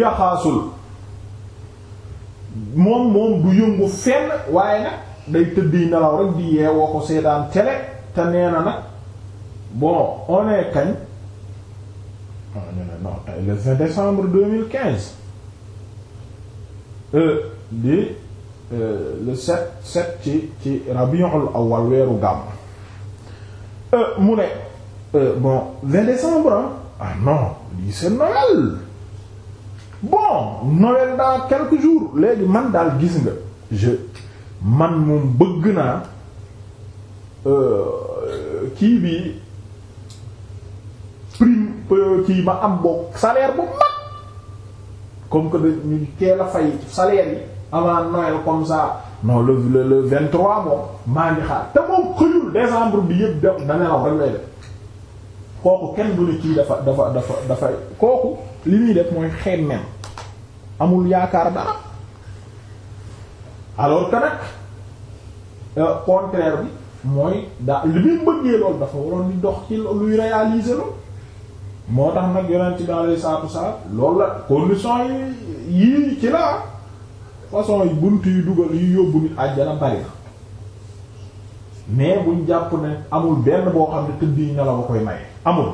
yaxaasul moom moom du yëngu fenn waaye nag day tëddi nelaw rek di yeewoo ko seetaan télé te nee nag bon on kañ ah ñu ne non le 20 décembre euh, euh, ci ci rabiul awal weeru gàmm. Euh, mu ne bon 20 décembre ah non lii c'est Noël. bon Noël dans quelques jours léegi man daal gis nga je man moom bëgg naa euh, kii bi prime euh, kii ma am bokk salaire bu mag comme que dañuy teel a fay salaire yi avant Noël comme ça non le le le vingt trois moom maa ngi xaar te moom xëyul décembre bi yëpp def na nelaw rek lay def kooku kenn du ne kii dafa dafa dafa dafay kooku li muy def mooy xeem même amul yaakaar dara alors que nag euh, contraire bi mooy daa li muy bëggee loolu dafa waroon di dox ci luy réaliser loolu moo tax nag yonent bi alayhi salaatu wassalaam loolu la condition yi yii ci la façon yi bunt yi dugal yu yóbbu nit àjjana bari na mais buñ jàpp ne amul benn boo xam ne tëdd yi ne la koy maye amul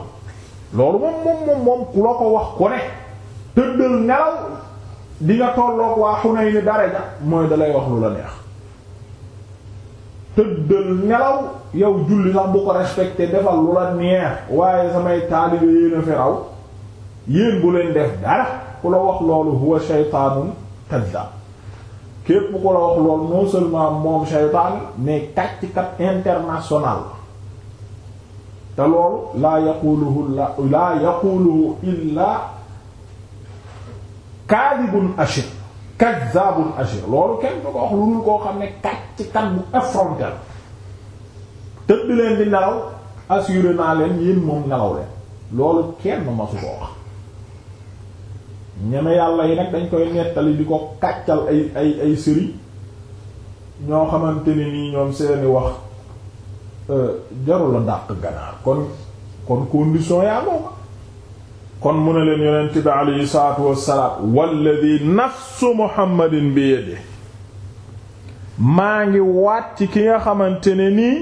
loolu moom moom moom ku la ko wax ko ne tëddal nelaw dinga nga tolloog waa Hunayn daraja mooy dalay wax lu la neex tëddal nelaw yow julli sax bu ko respecté defal lu la neex waaye samay taalibe yéen a fi raw yéen bu leen def dara ku la wax loolu huwa shaytaanun kaddaab képp ku la wax loolu non moom shaytaan mais kàcckat international te loolu laa yaquluhu la laa yaquluhu illa kaadibun ashir kaddaabun ashir loolu kenn du ko wax lu dul koo xam ne kàcc kan bu effronté la tëdd leen di nelaw assuré naa leen yéen moom nelaw leen loolu kenn ma su ko wax ñeme yàlla yi nag dañ koy nettali di ko kàccal ay ay ay sëriñ ñoo xamante ni nii ñoom seeni wax euh, jarul a dàq ganaar kon kon condition yaa moom kon mu ne leen yonent bi aleyhi salaatu wassalaam walladi nafsu muhammadin bi yede maa ngi waat ci ki nga xamante ne nii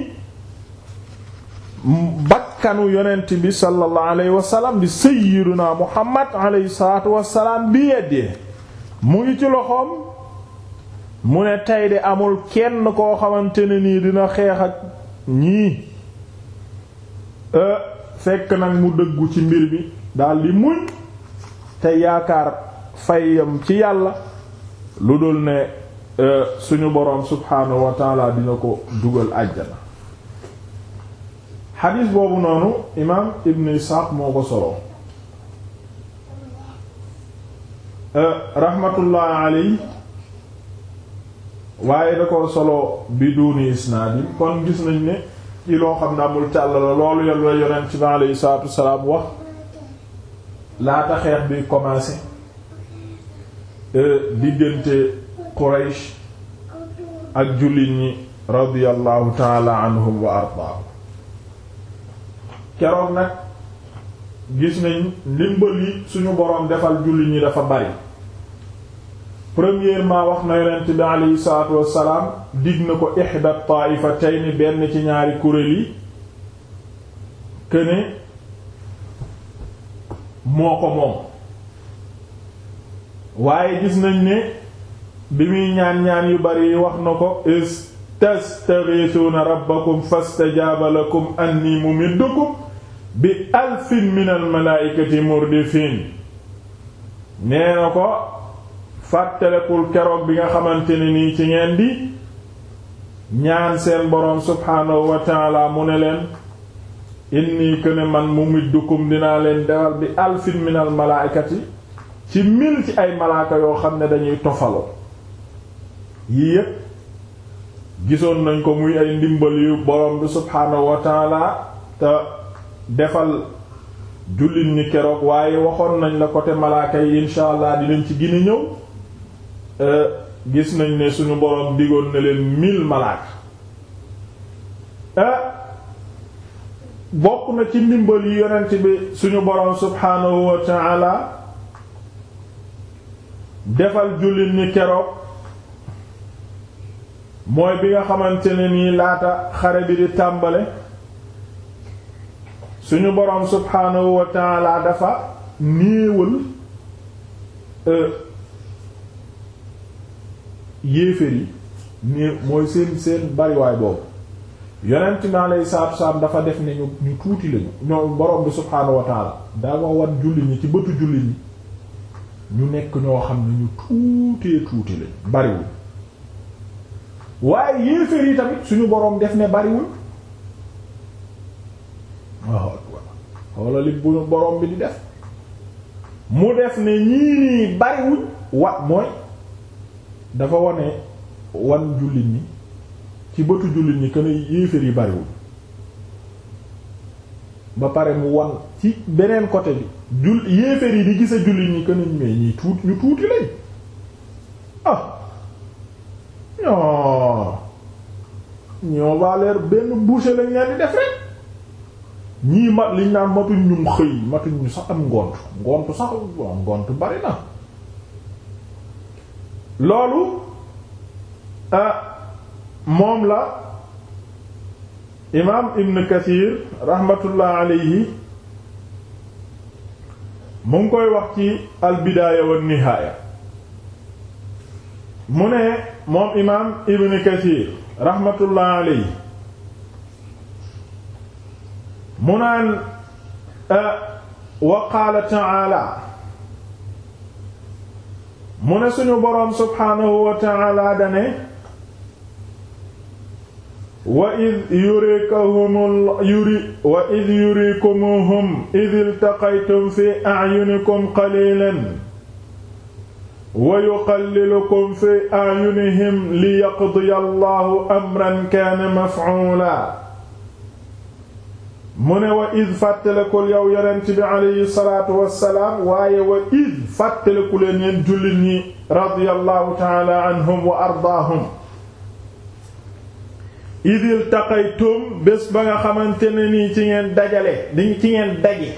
bakkanu yonent bi sallallahu alayhi wa sallam di sayyiduna muhammad aleyhi salaatu wassalaam bi yede mu ngi ci loxoom mu ne tey de amul kenn koo xamante ne nii dina xeex ak ñii. fekk nag mu dëggu ci mbir mi daldi muñ te yaakaar fayam ci yàlla lu dul ne e, suñu boroom subhaanahu wa taala dina ko dugal àjjana xadiis boobu noonu imaam ibn Isxaaq moo ko solo e, rahmatullahi alayhi waaye da ko solo biduni isnaadin kon gis nañ ne ci loo xam ne amul càll la loolu yàlla yonent bi aleyhi salaatu wasalaam wax laata xeex bi commencé euh, diggante Quraysh ak jullit ñi radiyallahu taala anhum wa ardaahum keroog nag gis nañ ndimbal yi suñu boroom defal jullit ñi dafa bari premièrement wax na yonent bi aleyhi salaatu wassalaam dig na ko ihda taaifatayni benn ci ñaari kuréel yi këne moo ko moom waaye gis nañ ni bi muy ñaan-ñaan yu bari wax na ko istastaghithuna rabbakum fastajaaba lakum anni mumiddukum bi alfin min al malaa'ikati murdifin nee na ko fàttalekul keroog bi nga xamante ne nii ci ngeen di ñaan seen boroom subhaanahu wa mu ne leen inni këne man mu middukum dinaa leen defal bi alfin minal malaaykati ci mil ci ay malaaka yoo xam ne dañuy tofaloo yii yépp gisoon nañ ko muy ay ndimbal yu boroom bi subhaanahu wa te defal jullit ñi keroog waaye waxoon nañ la côté malaaka yi incha allah dinañ ci gini ñëw Eh, gis nañ ne suñu boroom digoon na leen mille malaaka eh, bokk na ci ndimbal yi yonent bi suñu boroom subhaanahu wa ta'ala defal jullit ñi keroog mooy bi nga xamante ne nii laata xare bi di tàmbale suñu boroom subhaanahu wa ta'ala dafa néewal eh, yéeféer yi néew mooy seen seen bariwaay boobu yonent naa alayhi salaatu salaam dafa def ne ñu ñu tuuti lañu ñoom borom bi subhaanahu dama wan julli ñi ci bëtu julli ñi ñu nekk ñoo xam ne ñu tuutee tuuti lañu bariwul waaye yéeféer yi tamit suñu borom def ne bariwul waaw bu borom bi di def mu def ne ñii nii bariwuñ wa mooy dafa wane wan jullit ñi ci bëtu jullit ñi que ne yéeféer yi bariwul ba pare mu wan ci beneen côté bi jul yéeféer yi di gise a jullit kën que ñu mais ñii tuuti ñu tuuti lañ ah ñoo ñoo benn bouchée lañ leen di def rek ñii mat liñ naan matuñ ñum xëy matuñ ñu sax am ngont ngont sax ngont bari na loolu euh, moom la imaam Ibn Kathir rahmatullah alayhi mu ngi koy wax ci albidaaya wa nihaaya mu ne moom imaam Ibn Kathir rahmatullah alayhi mu naan euh, wa qaala mu ne suñu boroom subhaanahu wa ta'ala dane wa id yurikahum yuri wa id yurikumuhum id iltaqaytum fi a'yunikum qalilan wa yuqallilukum fi a'yunihim liyaqdiya allahu amran kaana maf'uula mu ne wa id fàttalikul yow yonent bi aleyhi salaatu wassalaam waaye wa id fàttaliku leen yeen jullit ñi radiyallahu taala anhum wa ardaahum idil taqaytum bés ba nga xamante ne nii ci ngeen dajale di ci ngeen daje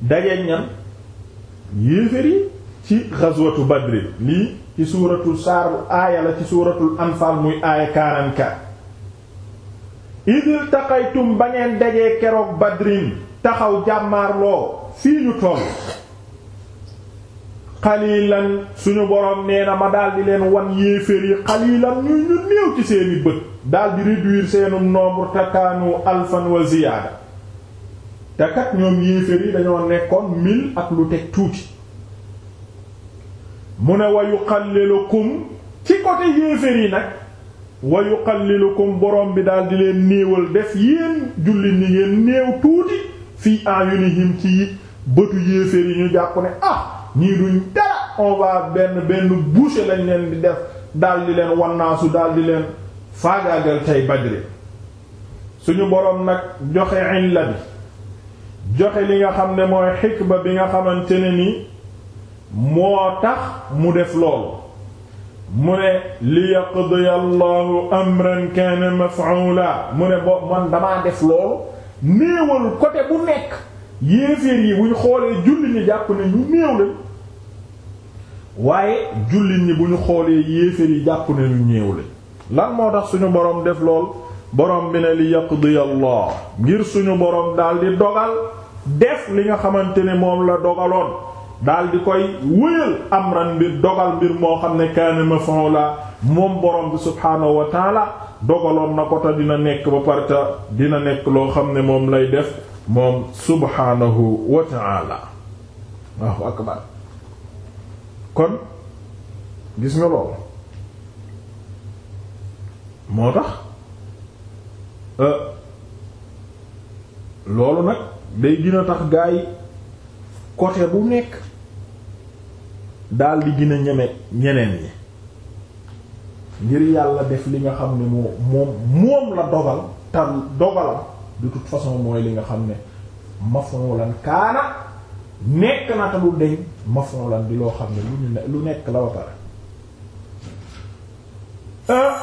daje ñan yéefér yi ci ghazwatu badr lii ci suuratul saar aaya la ci suuratu anfaal muy aaya 44 idil taqaytum ba ngeen dajee keroog badrin taxaw jàmmaarloo fii ñu toll xalilan suñu boroom nee na ma daldi leen wan yéeféer yi xalilan ñuy ñu néew ci seeni bët daldi réduire seenum nombre takaanu alfan wa ziyaada te kat ñoom yéeféer yi dañoo nekkoon mille ak lu teg tuuti mu ne wa yuqallilukum ci côté yéeféer yi nag wa yuqallilukum borom bi daal di leen néewal def yéen jullit ñi ngeen néew tuuti fii ayunihim ci bëtu yéeféer yi ñu jàpp ne ah ñii duñ dara on benn benn bouchée lañ leen di def daal di leen wannaasu daal di leen faagaagal tey badri suñu borom nag joxe illa bi joxe li nga xam ne mooy ba bi nga xamante ne nii moo tax mu def loolu mu ne li yaqdiya allahu amran kaana maf'uula mu ne boobu man damaa def loolu néewal côté bu nekk yéeféer yi buñ xoolee jullit ñi jàpp ne ñu néew waaye jullit ñi bu ñu xoolee yéeféer yi jàpp ne ñu néew lan moo tax suñu boroom def lool boroom bi ne li yaqdiya allah ngir suñu boroom daal di dogal def li nga xamante ne moom la dogaloon daal di koy wéyal amran mbir dogal mbir moo xam ne kaana maf'ula moom borom bi subhaanahu wa dogaloon na ko te dina nekk ba parta dina nekk loo xam ne moom lay def moom subhaanahu wa waaw akbar kon gis nga loolu moo tax euh, loolu nag day gën tax gaa yi bu nekk daal di gina a ñeme ñeneen ñi ngir yàlla def li nga xam ne moo moom moom la dogal tal dogalam de toute façon mooy li nga xam ne mafulan kaana nekk na talul deñ mafulan di loo xam ne lu nekk la ba pare euh.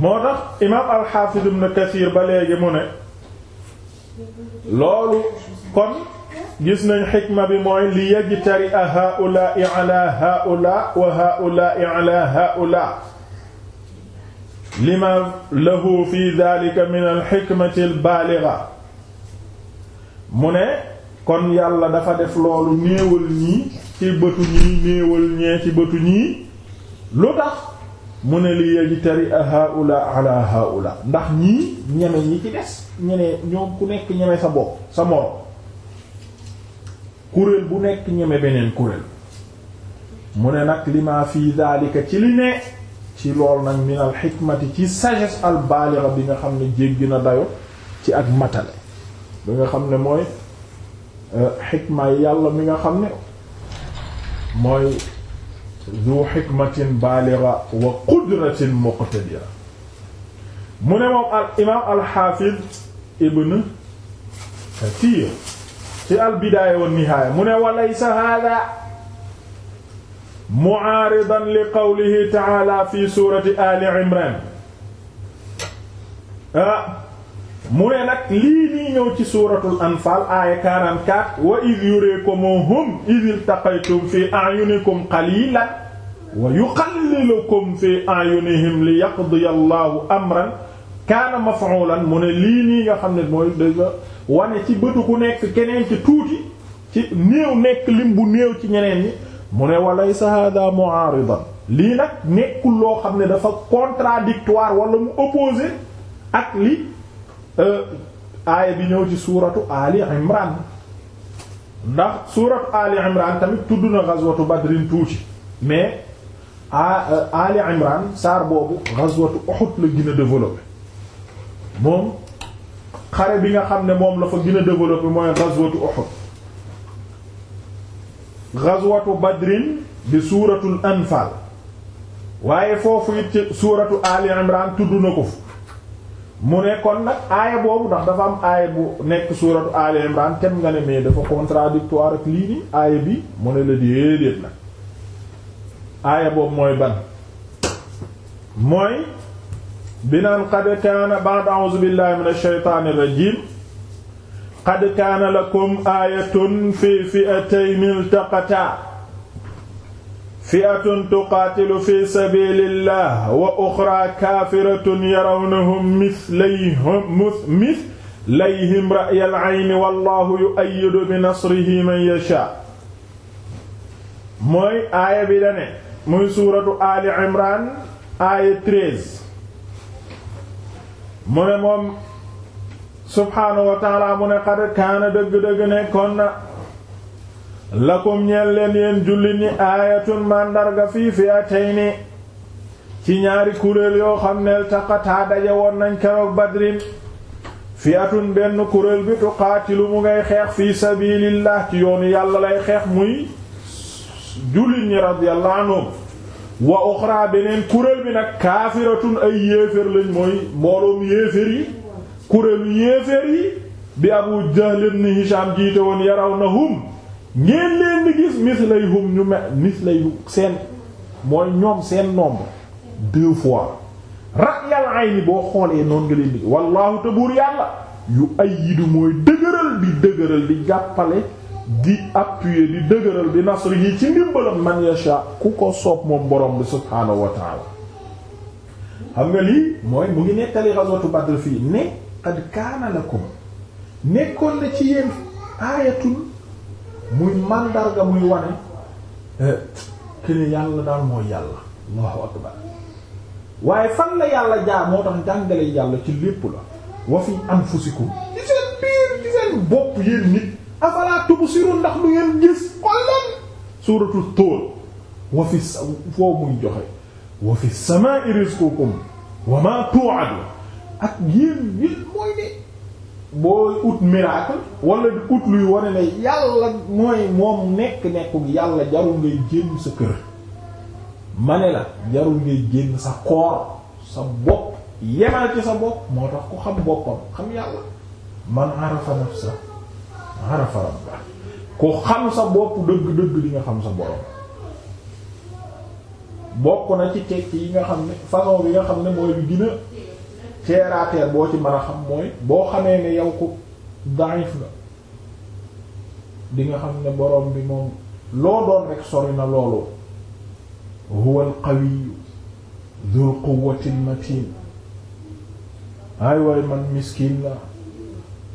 moo tax imaam alxaafis ibn kathir ba léegi mu ne loolu kon gis nañ xikma bi mooy li yajtari a haula ala haula wa haula ala haula lima lahu fi dhalika min alxikmati albaaliga mu ne kon yàlla dafa def loolu néewal ñii ci bëtu ñii néewal ñee ci bëtu ñii lu tax mu ne li yajtari a haula ala haula ndax ñii ñeme ñi ci des ñene ñoom ku nekk ñeme sa bopp sa moroom kuréel bu nekk ñeme beneen kuréel mu ne nag li ma daalika ci li ne ci lool nag min al xikmati ci sagesse al baaliga bi nga xam ne jéggi na dayo ci ak matale bi nga xam ne mooy euh, xikmaay yàlla mi nga xam ne mooy zu xikmatin baaliga wa qudratin muqtadira mu ne moom al imaam al xaafiz ibn kathir ci al bidaaya wa nihaaya mu ne walaysa hada muaaridan li qawlihi taala fi surati ali imran ah mu ne nag lii nii ñëw ci suratul anfaal aaya 44 wa id yureekumuhum id iltaqaytum fi a'yunikum qalilan wa yuqallilukum fi a'yunihim li yaqdiya allahu amran kaana maf'ulan mu ne lii nii nga xam ne mooy dëgg wane ci bëtu ku nekk keneen ci tuuti ci néew nekk lim bu néew ci ñeneen yi mu ne walaysa hada mu'aridan lii nag nekkul loo xam ne dafa contradictoire wala mu opposé ak li euh, aaya bi ñëw ci suuratu Ali Imran ndax suuratu Ali Imran tamit tudd na ghazwatu Badrin tuuti mais euh, Ali Imran saar boobu ghazwatu Uhud la gën a moom xare bi nga xam ne moom la fa gën a développé mooy ghazwatu Uhud ghazwatu badrin di suuratul anfaal waaye foofu it suuratu ali imran tudd na ko mu nekkoon kon nag aaya boobu ndax dafa am aaya bu nekk suuratu ali imran tem nga ne mais dafa contradictoire ak lii ni aaya bi mu ne la déedéet nag aaya boobu mooy ban mooy bi naan qad kaana ba'da a'uuzu billahi minash shaytaanir rajiim qad kaana lakum aayatun fii fi'atayni iltaqataa fi'atun tuqaatilu fii sabiilillah wa uxraa kaafiratun yarawnahum mislayhum mislayhim ra'yal ayni wallaahu yu'ayyidu binasrihi man yashaa mooy aaya bi dane muy suuratu aali imraan aaya 13 mu ne moom subhaanahu wa taala mu ne xad kaana dëgg-dëgg nekkoon na lakum ñeen leen yéen jullit ñi aayatun màndarga fii fi atayni ci ñaari kuréel yoo xam ne taqataa daje woon nañ keroog badrin fi atun benn kuréel bi tuqaatilu mu ngay xeex fi sabilillah ci yoonu yàlla lay xeex muy jullit ñi radiyallahu wa uxra beneen kuréel bi nag kaafiratun ay yéeféer lañ mooy mbooloom yéeféer yi kuréelu yéeféer yi bi Abu Jahl ibn Hisham jiite woon yarawnahum ngeen leen di gis mislayhum ñu me mislayhum seen mooy ñoom seen nombre deux fois ra'yal ayni boo xoolee noonu nga wallaahu te buur yàlla yu ay yidu mooy dëgëral bi dëgëral di jàppale di appuyer di dëgëral bi nasri yi ci ndimbalam man yasha ku ko soob moom borom bi subhaanahu wa taala xam nga lii mooy mu ngi nettali ghazwatu Badr fii ne qad kaana nekkoon na ci yéen aayatul muy màndarga muy wane eh, kene yàlla daal mooy yàlla allahu akbar waaye fan la yàlla jaar moo tax jàngale yàlla ci lépp la wa fi anfusikum ci seen biir ci seen bopp yéen nit afala tubsirun ndax du ngeen gis xollal suuratu tóor wa fi foo muy joxe wa fi samaa'i rizqukum wa ma tu'adu ak yéen mooy ne booy ut miracle wala ut luy wane ne yàlla mooy moom nekk nekku yàlla jarul ngay génn sa kër ma ne la jarul ngay génn sa koor sa bopp yemal ci sa bopp moo tax ku xam boppam xam yàlla man arafa nafsa arafa rabba ku xam sa bopp dëgg-dëgg li nga xam sa borom bokk na ci tekki yi nga xam ne façon bi nga xam ne mooy bi gën teeraateer boo ci man a xam mooy boo xamee ne yow ko daif la di nga xam ne borom bi moom loo doon rek sori na loolu huwa al-qawiyyu dhul quwwati al-matin ay waay man miskin la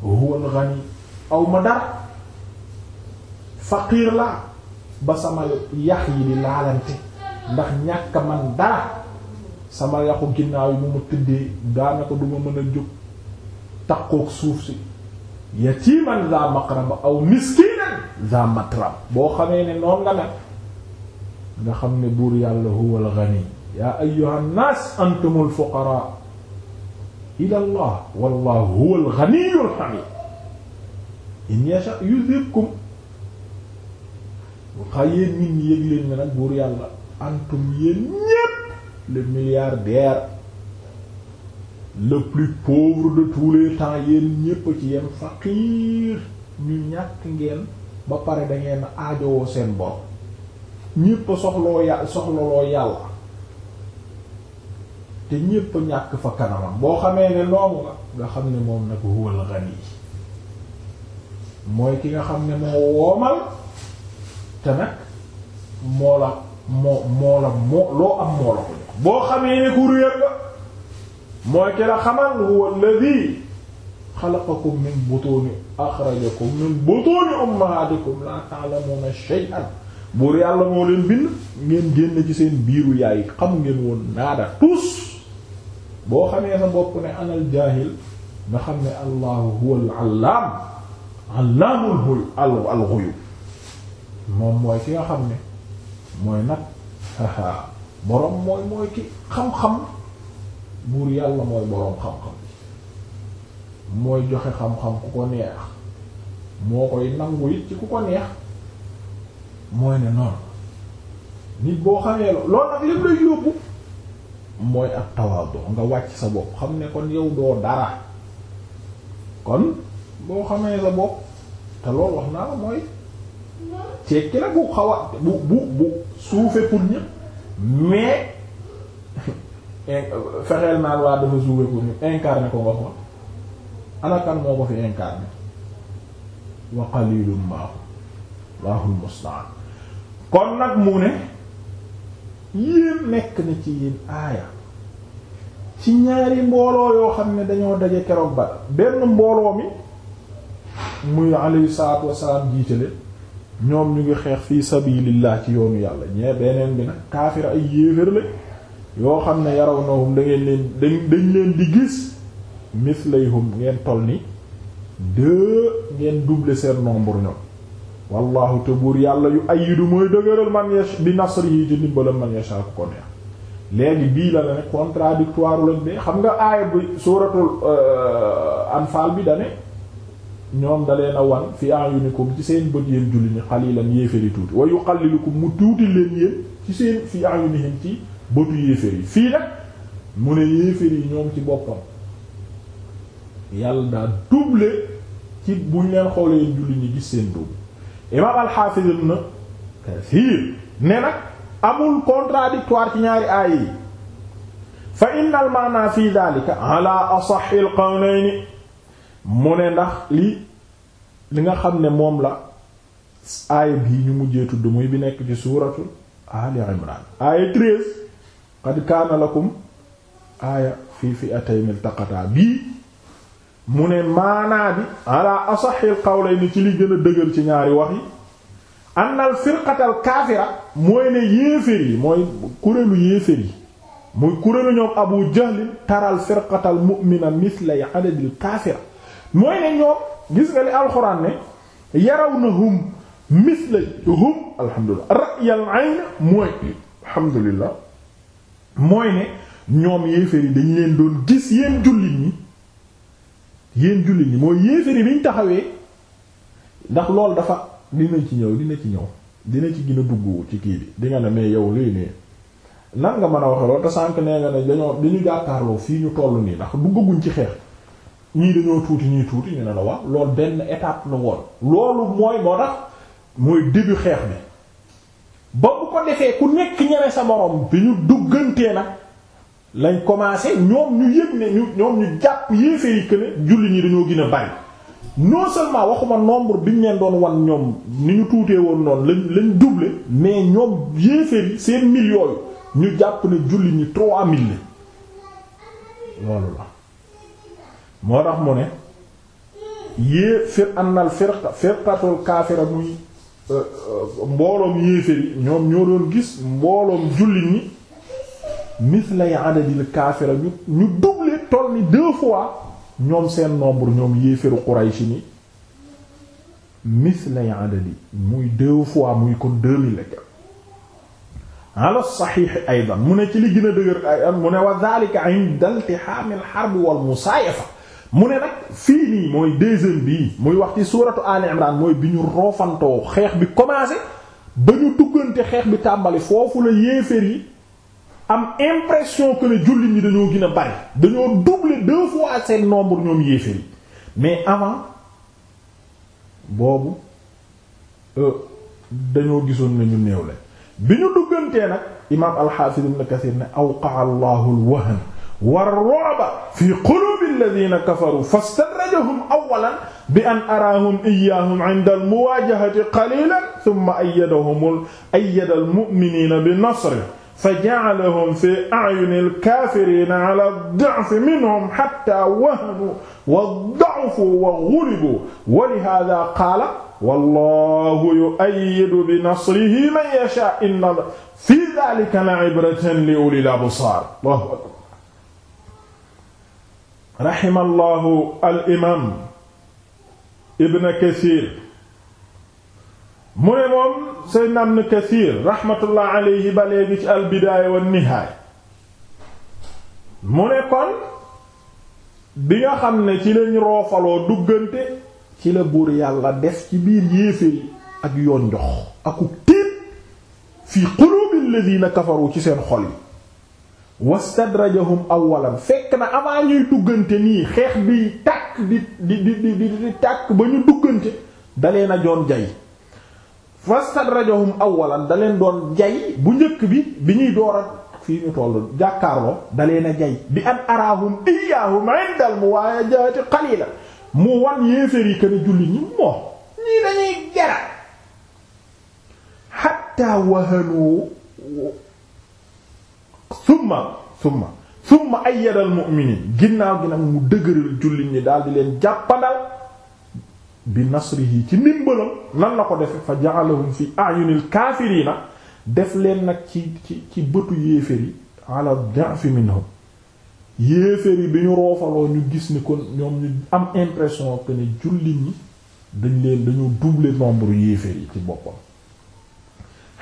huwa al aw ma dara faqiir la ba sama yax yi di laalante ndax ñàkk man dara sama yaxu ginnaaw yi mu ma tëddee daanaka mën a jóg takkook suuf si yatiman za maqraba aw miskinan za boo xamee ne noonu nga nag nga xam ne buur yàlla huwa al-ghani yaa ayyuhan naas antumul fuqaraa ila allah wallahu huwal ghaniyyul in yasha yuzhibkum xay yéen nit ñi yëg leen nag buur yàlla antum yéen ñépp le milliardaire le plus pauvre de tous les ñépp ci yéen faqiir ñu ñàkk ngeen ba pare dangeen ngeen seen bor ñépp soxloo yà soxlaloo yàlla te ñépp a ñàkk fa kanamam boo xamee ne loolu la nga xam ne moom nag huwal ghani mooy ki nga xam ne moo woomal te nag moo la moo moo la moo loo am moo la ko boo xamee ne ku réer nga mooy ki la xamal huwa alladhi xalaqakum min butuni axrajakum min butuni ummahatikum la ta'lamuna shay'an buur moo leen bind ngeen génn ci seen biiru yaay xam ngeen woon naada tous boo xamee sa bopp ne anal jaahil nga xam ne allahu huwal allaam allaamul huy al guyub moom mooy ki nga xam ne mooy nag boroom mooy mooy ki xam-xam buur yàlla mooy boroom xam-xam mooy joxe xam-xam ku ko neex moo koy nangu it ci ku ko neex mooy ne noonu nit boo xamee loolu nag lépp lay yóbbu mooy ak tawaadu nga wàcc sa bopp xam ne kon yow doo dara kon boo xamee sa bopp te loolu wax naa mooy cekki la bu xaw a bu bu bu suufee pour ñëpp mais eh, fexeel naan waa dafa suufee pour ñëpp incarné ko nga xool anakan moo ko fi incarné wa qalilum maahu wallahul musta'an kon nag mu ne yéen nekk na ci yéen aaya ci ñaari mbooloo yoo xam ne dañoo daje keroog ba benn mbooloo mi muy alayhi salaatu wasalaam jiitale ñoom ñu ngi xeex fii sabilillah ci yoonu yàlla ñee beneen bi nag kaafir ay yéefér la yoo xam ne yaraw nawum da ngeen leen dañ leen di gis mislayhum ngeen toll ni deux ngeen doubler seen nombre ñoom wallahu te buur yàlla yu ayidu mooy dëgëral man yash bi nasrihi ci ndimbalam man ko neex léegi bii la ne contradictoire lañ de xam nga aaya bi suuratul euh, anfaal bi dane ñoom da leen a wan fi a'yunikum ci seen bët yéen julli ñi xalilan yéeféer yi tuuti wa yuqallilukum mu tuuti leen yéen ci seen fi a'yunihim ci bëtu yéeféer yi fii nag mu ne yéeféer yi ñoom ci boppam yàlla daa double ci buñ leen xoolee yéen julli ñi gis seen double imaam al-Hafiz ibn Kathir ne nag amul contradictoire ci ñaari aay yi fa innal maana fi dhalika ala asahhil qawlayni mu ne ndax li li nga xam ne moom la aaya bii ñu mujjee tudd muy bi nekk ci suuratu ali imran aaya treize qad kaana lakum aaya fi fi atayn iltaqataa bii mu ne maanaa bi ala asaxil qawlayni ci li gën a dëgër ci ñaari wax yi anna al firqatal kaafira mooy ne yéefér yi mooy kuréelu yéefér yi muy kuréelu ñoom abu jahlin taral firqatal mu'mina mithla adadil kaafira mooy ne ñoom gis nga li alxuraan ne yarawnahum mislahum alhamdulilah ra'yal ayn mooy alhamdulilah mooy ne ñoom yéeféer yi dañ leen doon gis yéen jullit ñi yéen jullit ñi moo yéeféer yi biñ taxawee ndax loolu dafa dina ci ñëw dina ci ñëw dina ci gina buggu ci kii bi di ne mais yow lii nii nan nga mën a waxe loolu te sànq nee nga ne dañoo dañu jàkkaarloo fii ñu toll nii ndax bu duggaguñ ci xeex ñii dañoo tuuti ñuy tuuti ñu ne la wax loolu benn étape la woon loolu mooy moo tax mooy début xeex bi ba bu ko defee ku nekk ñeme sa morom bi ñu duggante na lañ commencé ñoom ñu yëg ne ñu ñu jàpp yi dañoo gën a bari non seulement bi ñu leen doon ñoom ni ñu tuutee woon noonu lañ lañ mais ñoom yéeféer seen mille ñu jàpp ne julli ñi trois mille loolu la moo tax mu ne yée fir annal firqa firqatul kaafira muy euh, euh, mbooloom yéeféri ñoom ñoo doon gis mbooloom jullit ñi mislay adadil kaafira ñu ñu doublé toll ni deux ñoom seen nombre ñoom yéeféru Quraysh ni mislay adadi muy deux fois muy kon deux mille ala saxiix aydan mu ne ci li gën a dëgër aydan mu ne wa zaalika inda iltihaamil harbi wal musaayafa mu ne nag fii nii mooy deuxième bii muy wax ci suuratu Ali Imran mooy bi ñu roofantoo xeex bi commencé ba ñu duggante xeex bi tàmbali foofu la yéeféer yi am impression que ne jullit ñi dañoo gën a bari dañoo doubler deux fois seen ñoom yéeféer mais avant boobu euh, dañoo gisoon nañu néew bi ñu duggantee nag imaam al-Hafiz Ibn Kathir ne awqa'a Allahu al war-ru'ba fii quluubi alladhiina kafaruu fastadrajahum awwalan bi an araahum iyyaahum 'inda al-muwaajahati qaliilan thumma ayyadahum ayyada al-mu'miniina bi-nasrihi faja'alahum fii a'yuni al-kaafiriina 'alaa ad-di'fi minhum hattaa wahanuu wa-da'ufuu wa-ghulibuu wa-lihaadhaa qaala wallaahu yu'ayyidu bi-nasrihi man yashaa'u inna fii dhaalika la-'ibratan li-ulil absaar raximallahu al imaam ibn Kathir mu ne moom Seydina Ibn Kathir raxmatullah aleyhi ba léegi ci al bidaaya wa nihaaya mu ne kon bi nga xam ne ci lañ roofaloo duggante ci la buur yàlla des ci biir yéeféer ak yoon njox akuk tiit fi quluubi alladhiina kafaru ci seen xol yi wastadrajahum awwalan fekk na avant ñuy duggante nii xeex bi tàkk di di di di di tàkk ba ñu duggante daleen a doon jay wastadrajahum awwalan daleen doon jay bu njëkk bi bi ñuy door a fii ñu tollu jàkkaarloo daleen a jay bi an araahum iyaahum indal muwaajaati qaliila mu wan yéeféer yi kën a julli ñi moom ñii dañuy gera hatta wahanu summa summa summa ay al mu'miniin ginnaaw gi nag mu dëgëral jullit ñi daal di leen jàppandal bi nasrihi ci ndimbalam nan la ko defe fa ja'alahum fi a'yunil kaafiriina def leen nag ci ci ci bëtu yéeféer yi ala da'fi minhum yéeféer yi bi ñu roofaloo ñu gis ni kon ñoom ñu am impression ko ne jullit ñi dañ leen dañu duuble nombre yéeféer yi ci boppam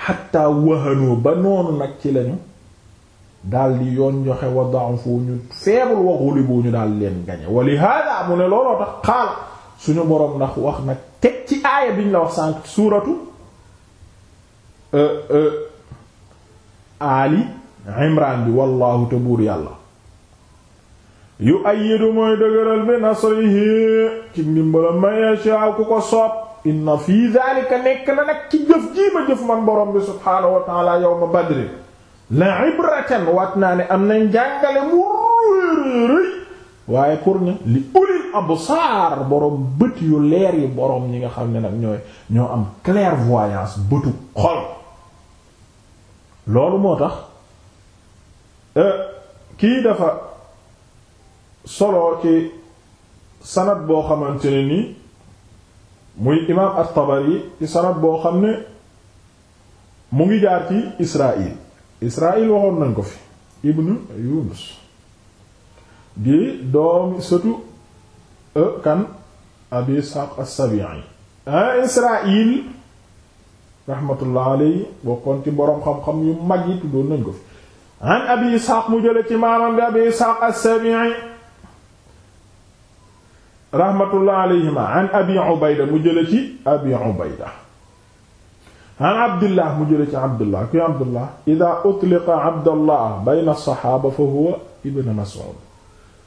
hatta wahanoo ba noonu nag ci lañu dal di yoon joxe wa da'fu ñu feebul wa ghulibu ñu daal leen gañe wa li hada mu ne looloo tax xaal suñu boroom ndax wax nag teg ci aaya biñ la wax sànq suuratu euh, euh, Ali Imran bi wallaahu te buur yàlla yu ayyidu mooy dëgëral bi nasrihi ci ndimbalam man yashaa ku ko soob inna fii daalika nekk na nag ci jëf jii ma jëf man borom bi subhaanahu wa ta'aala yawma badri la ibratan waat naa ne am nañ jàngale mu rëy waaye pour ña li ulil absar borom bët yu leer yi borom ñi nga xam ne nag ñooy ñoo am clairvoyance bëtu xol loolu moo tax euh, kii dafa solo ci sanad boo xamante ne nii muy imaam at-Tabari ci sanad boo xam ne mu ngi jaar ci Israaïl Israil waxoon nañ ko fi ibnu Yunus di doomi sëtu e, kan Abi Ishaq as-Sabi'i ah e, Israil rahmatullah alayhi ci boroom xam-xam yu mag yi tuddoon nañ ko fi an Abi Ishaq mu jële ci maamam bi Abi Ishaq as-Sabi'i rahmatullah alayhima an Abi Ubayda mu jële ci Abi Ubayda an abdillah mu jële ci abdullah kuy abdullah ida utliqa abdallah bayna saxaaba fa huwa ibn mas'ud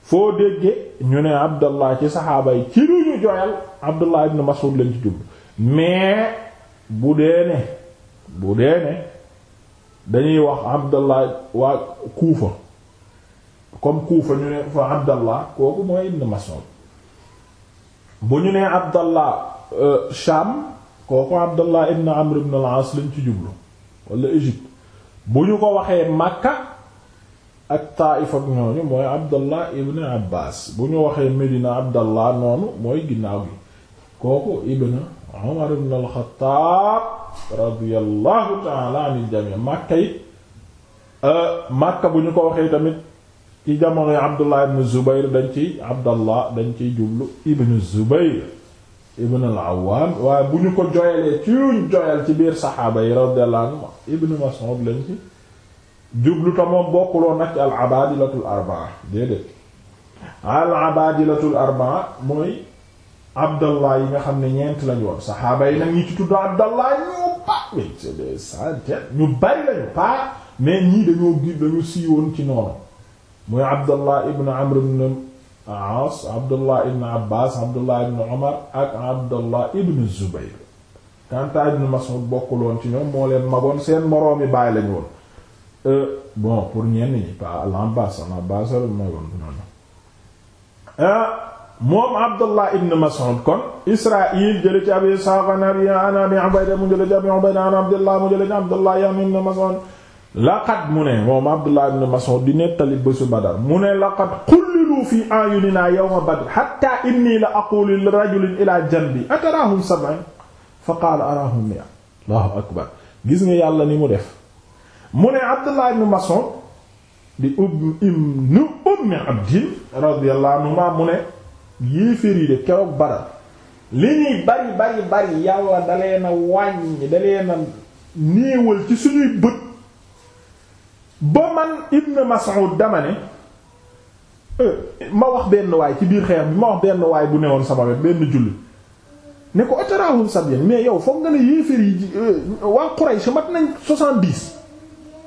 foo dégge ñu ne abdallah ci saxaaba yi ci lu ñu joyal abdullah ibn mas'ud lañ ci jublu mais bu dee ne bu dee ne dañuy wax abdallah waa kuufa comme kuufa ñu ne fa abdallah kooku mooy ibn mas'ud bu ñu nee abdallah euh, sham kooku abdullah ibn amr ibn al-As lañ ci jublu wala Égypte bu ñu ko waxee Makka ak Taif ak ñooñu mooy abdullah ibn abbas bu ñu waxee Medina abdullah noonu mooy ginnaaw gi kooku ibn Umar ibn al-Khattab radiyallahu ta'ala anil jami' Makka yi euh, Makka bu ñu ko waxee tamit ci jamonoy abdullah ibn Zubayr dañ ciy abdullah dañ ciy jublu ibn Zubayr ibn al-Awwam waaye bu ñu ko joyalee ci yuñ joyal ci biir saxaaba yi radiyallahu anhu ibn Mas'ud lañ ci jublu ta moom bokkuloo al-abaadilatul arbaa déedéet al-abaadilatul arbaa mooy abdallah yi nga xam ne ñeent lañu woon saxaaba yi nag ñi ci tudd abdallah ñu pa mais c'est des centaines ñu bari lañu pa mais ñii dañoo gi dañu siiwoon ci noonu muy abdallah ibn Amr Aas Abdullah ibn Abbas Abdullah ibn Umar ak Abdullah ibn Zubayr kanta ibn Mas'ud bokkuloon ci ñoom moo leen magoon seen moroomi bàyyi lañ la magoon noonu moom abdullah ibn mas'ud kon israil jële ci abi saqanari an abi ubayda mu jële ci abdullah mu jële ci laqad mu ne moom Abdullah ibn di nettali bésu Badar mu ne laqad xullilu fi ayunina yawma Badr hatta inni la aqulu li rajulin ila janbi atarahum sab'an fa qaala arahum mi'a Allahu akbar gis nga yàlla ni mu def mu ne Abdullah ibn Mas'ud di ibn ummi abdin radiyallahu anhuma mu ne yéeféer yi keroog Badar li ñuy bari bari bari yàlla da leen a wàññi da leen a néewal ci suñuy bët ba man Ibn Mas'ud dama ne euh, ma wax benn waay ci biir xeex bi ma wax benn waay bu newoon sama benn julli ne ko ataraahum sabyan mais yow foog nga ne yéeféer yi euh, waa Quraysh mat nañ soixante-dix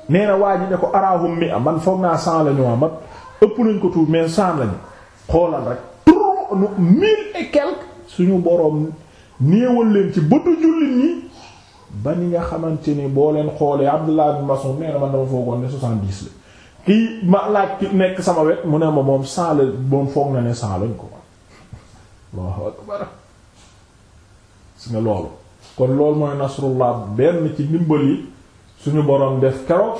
nee waa ji ne ko araahum mi am man foog naa cent lañu waa mat ëpp nañ ko tuur mais cent lañu xoolal rek trois mille et quelques suñu boroom néewal leen ci bëtu jullit ñi ba ni nga xamante ni boo leen xoolee Abdullah ibn Mas'ud nee na man dama foogoon ne soixante-dix la kii ma laaj ki nekk sama wet mu nee ma moom cent la moom foog na ne cent lañ ko Allahu akbar si nga loolu kon loolu mooy nasrullah benn ci ndimbal yi suñu boroom def keroog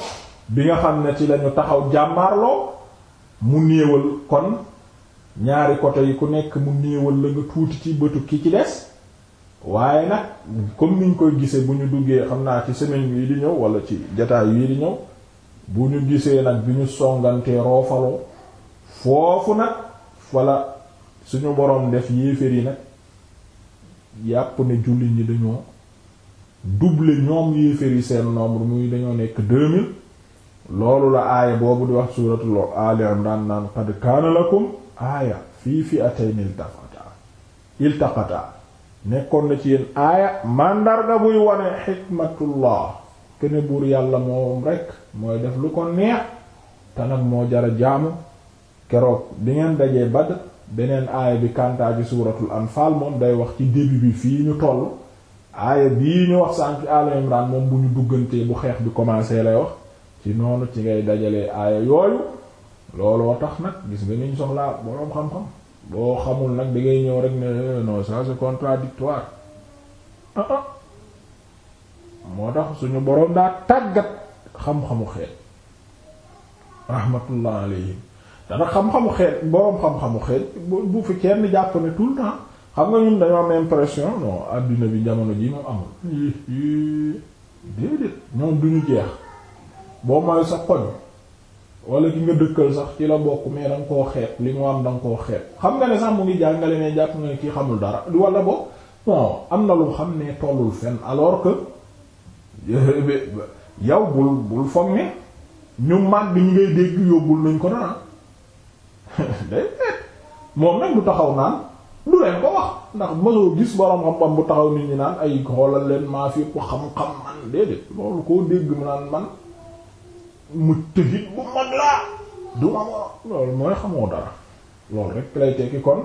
bi nga xam ne ci lañu taxaw jàmbarloo mu néewal kon ñaari côté yi ku nekk mu néewal la nga tuuti ci bëtu ki ci des waaye nag comme niñ koy gisee bu ñu duggee xam naa ci semaine bii di ñëw wala ci jataay yii di ñëw bu ñu gisee nag bi ñu songantee roofaloo foofu nag wala suñu boroom def yéefér yi nag yàpp ne jullit ñi dañoo doubler ñoom yéefér yi seen nombre muy dañoo nekk 2000 loolu la aaya boobu di wax suuratul Aali Imraan naan qad kaana lakum aaya fii fi atayn iltaqata iltaqata nekkoon na ci yéen aaya màndarga buy wane xikmatullah kene buur yàlla moom rekk mooy def lu ko neex te nag moo jara jaamu keroog bi ngeen dajee Badr beneen aaya bi kantaa bi suuratul anfaal moom day wax ci début bi fii ñu toll aaya bii ñu wax sànq Al Imran moom bu ñu duggantee bu xeex bi commencé lay wax ci noonu ci ngay dajalee aaya yooyu looloo tax nag gis nga niñ soxlaa boroom xam-xam boo xamul nag da ngay ñëw rek ne eh, non ça c'est contradictoire ah, ah. moo tax suñu boroom daa tàggat xam-xamu xeet rahmatullah alayhim dana xam-xamu xeet boroom xam-xamu xeet bu fi kenn jàpp ne tout le temps xam nga ñun dañoo am impression non adduna bi jamono ji moom amul déedéet ñoom duñu jeex boo mooy sa koñ wala ki nga dëkkal sax ci la bokk mais da koo xeet li mu am da nga koo xeeb xam nga ne sax mu ngi jàngale ne jàpp nga ne kii xamul dara wala bo bon am na lu xam ne tollul fenn alors que yow bul bul foog ne ñu màgg ñu ngay dégg yóbbul nañ ko dara day moom nag du taxaw naan du leen ko wax ndax mosoo gis borom xam-xam bu taxaw nit ñi naan ay xoolal leen maa fi ko xam-xam man déedéet loolu koo dégg mu naan man. mujtahid bu mag laa du ma loolu mooy xamoo dara loolu rek lay tekki kon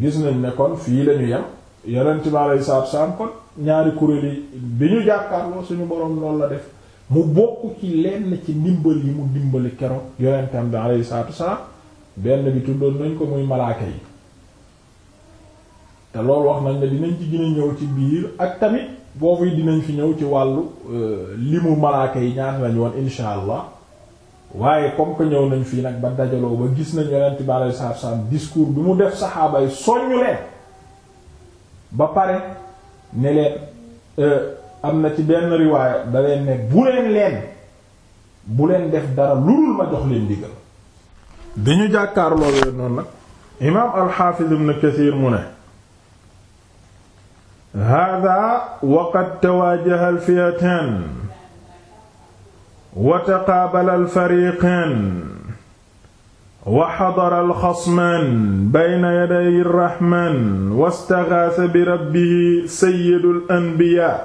gis nañ ne kon fii la ñu yem yeneen ci lay saab kon ñaari kuréel yi bi ñu jàkkaarloo suñu borom loolu la def mu bokk ci lenn ci ndimbal yi mu dimbali keroog yonentam bi alayhi salaatu benn bi tuddoon nañ ko muy malaaka yi te loolu wax nañ ne dinañ ci gën a ñëw ci biir ak tamit boobu yi dinañ fi ñëw ci wàllu euh, limu malaaka yi ñaata lañ woon insha allah waaye comme que ñëw nañ fii nag ba dajaloo ba gis nañ yonent bi alayhi salaatu salaam discours bi mu def saxaaba yi soññu leen ba pare ne leen euh, am na ci benn riwaaya da leen ne bu leen leen bu leen def dara lu dul ma jox leen digal. dañu jàkkaarloo leen noonu nag. imaam al-Hafiz ibn Kathir mu ne. hada waqad tawaajaha alfiyataan wa taqaabala alfariqaan wa xadara alxasmaan bayna yaday irraxmaan wastaxaasa bi rabbihi sayyidu alanbiyaa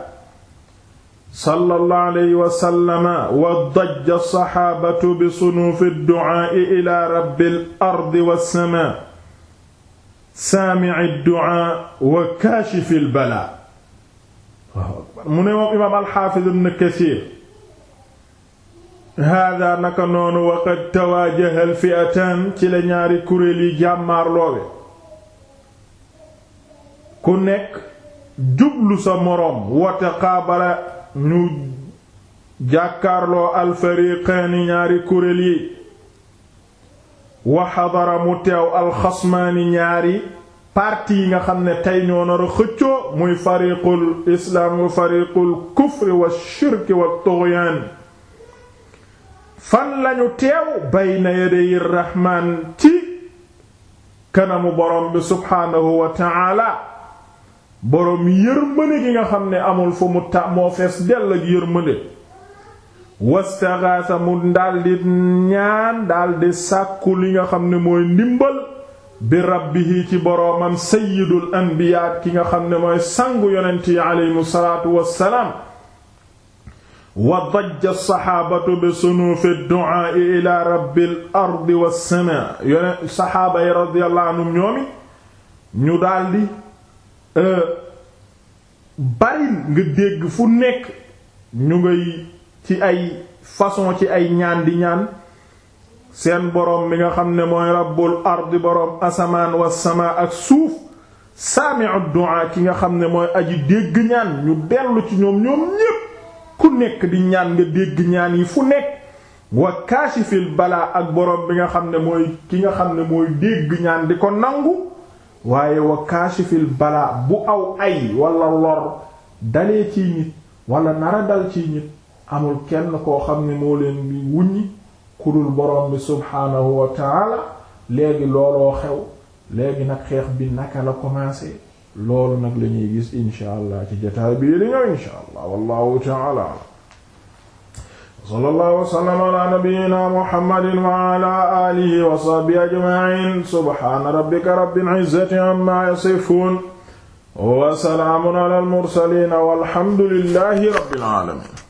sallallahu alayhi wa sallama wa dajja alsaxaabatu bi sunuufi adducaa ila rabbil ardi wassamaa saami'i du'aa wa kaashifi al-balaa mu ne moom imaam al-Haafiz ibn Kasiir haadaa naka noonu wa qad tawaajaha al-fi'ataan ci la ñaari kuréel yi jàmmaar ku nekk jublu sa moroom wa taqaabala ñu jàkkaarloo al-fariiqaani ñaari kuréel wa xadara mu teew alxasmaani ñaari parti yi nga xam ne tey ñoo nar a xëccoo muy fariqul islaam wa fariqul kufri wa shirki wa tughyan fan lañu teew bayna yaday rahmaan ci kanamu borom bi subhaanahu wa taala borom yërmande gi nga xam ne amul fu mu ta fees dell ak yërmande wastagaasa mu daldi ñaan daldi sàkku li nga xam ni mooy ndimbal bi rabbihi ci boroomam sayyidul anbiyaa ki nga xam ne mooy sangu yonent yi aleyhimu salaatu wassalaam wa dajja saxaabatu bi sunuufi du'aa ilaa rabbil ardi wassamaa yonent saxaaba yi radiyallahu anhum ñoomi ñu daldi euh, bari nga dégg fu nekk ñu ngay ci ay façon ci ay ñaan di ñaan seen boroom mi nga xam ne mooy rabbul ard boroom asamaan wa samaa ak suuf saami'u du'a ki nga xam ne mooy aji dégg ñaan ñu dellu ci ñoom ñoom ñépp ku nekk di ñaan nga dégg ñaan yi fu nekk wa kaashifil balaa ak boroom bi nga xam ne mooy ki nga xam ne mooy dégg ñaan di ko nangu waaye wa kaasifil balaa bu aw ay walla lor dalee ci nit wala nara dal ci nit amul kenn koo xam ne moo leen bi wuññi ku dul borom bi subhaanahu wa taala léegi looloo xew léegi nag xeex bi naka la commencé loolu nag la ñuy gis insha allah ci jotaay bi li ñëw insha allah wallahu taala sallallahu wa sallama ala nabiyyina muhammadin wa ala alihi wa sahbihi ajma'in subhana rabbika rabbil izzati amma yasifun wa salaamun ala al mursalin walhamdulillahi rabbil alamin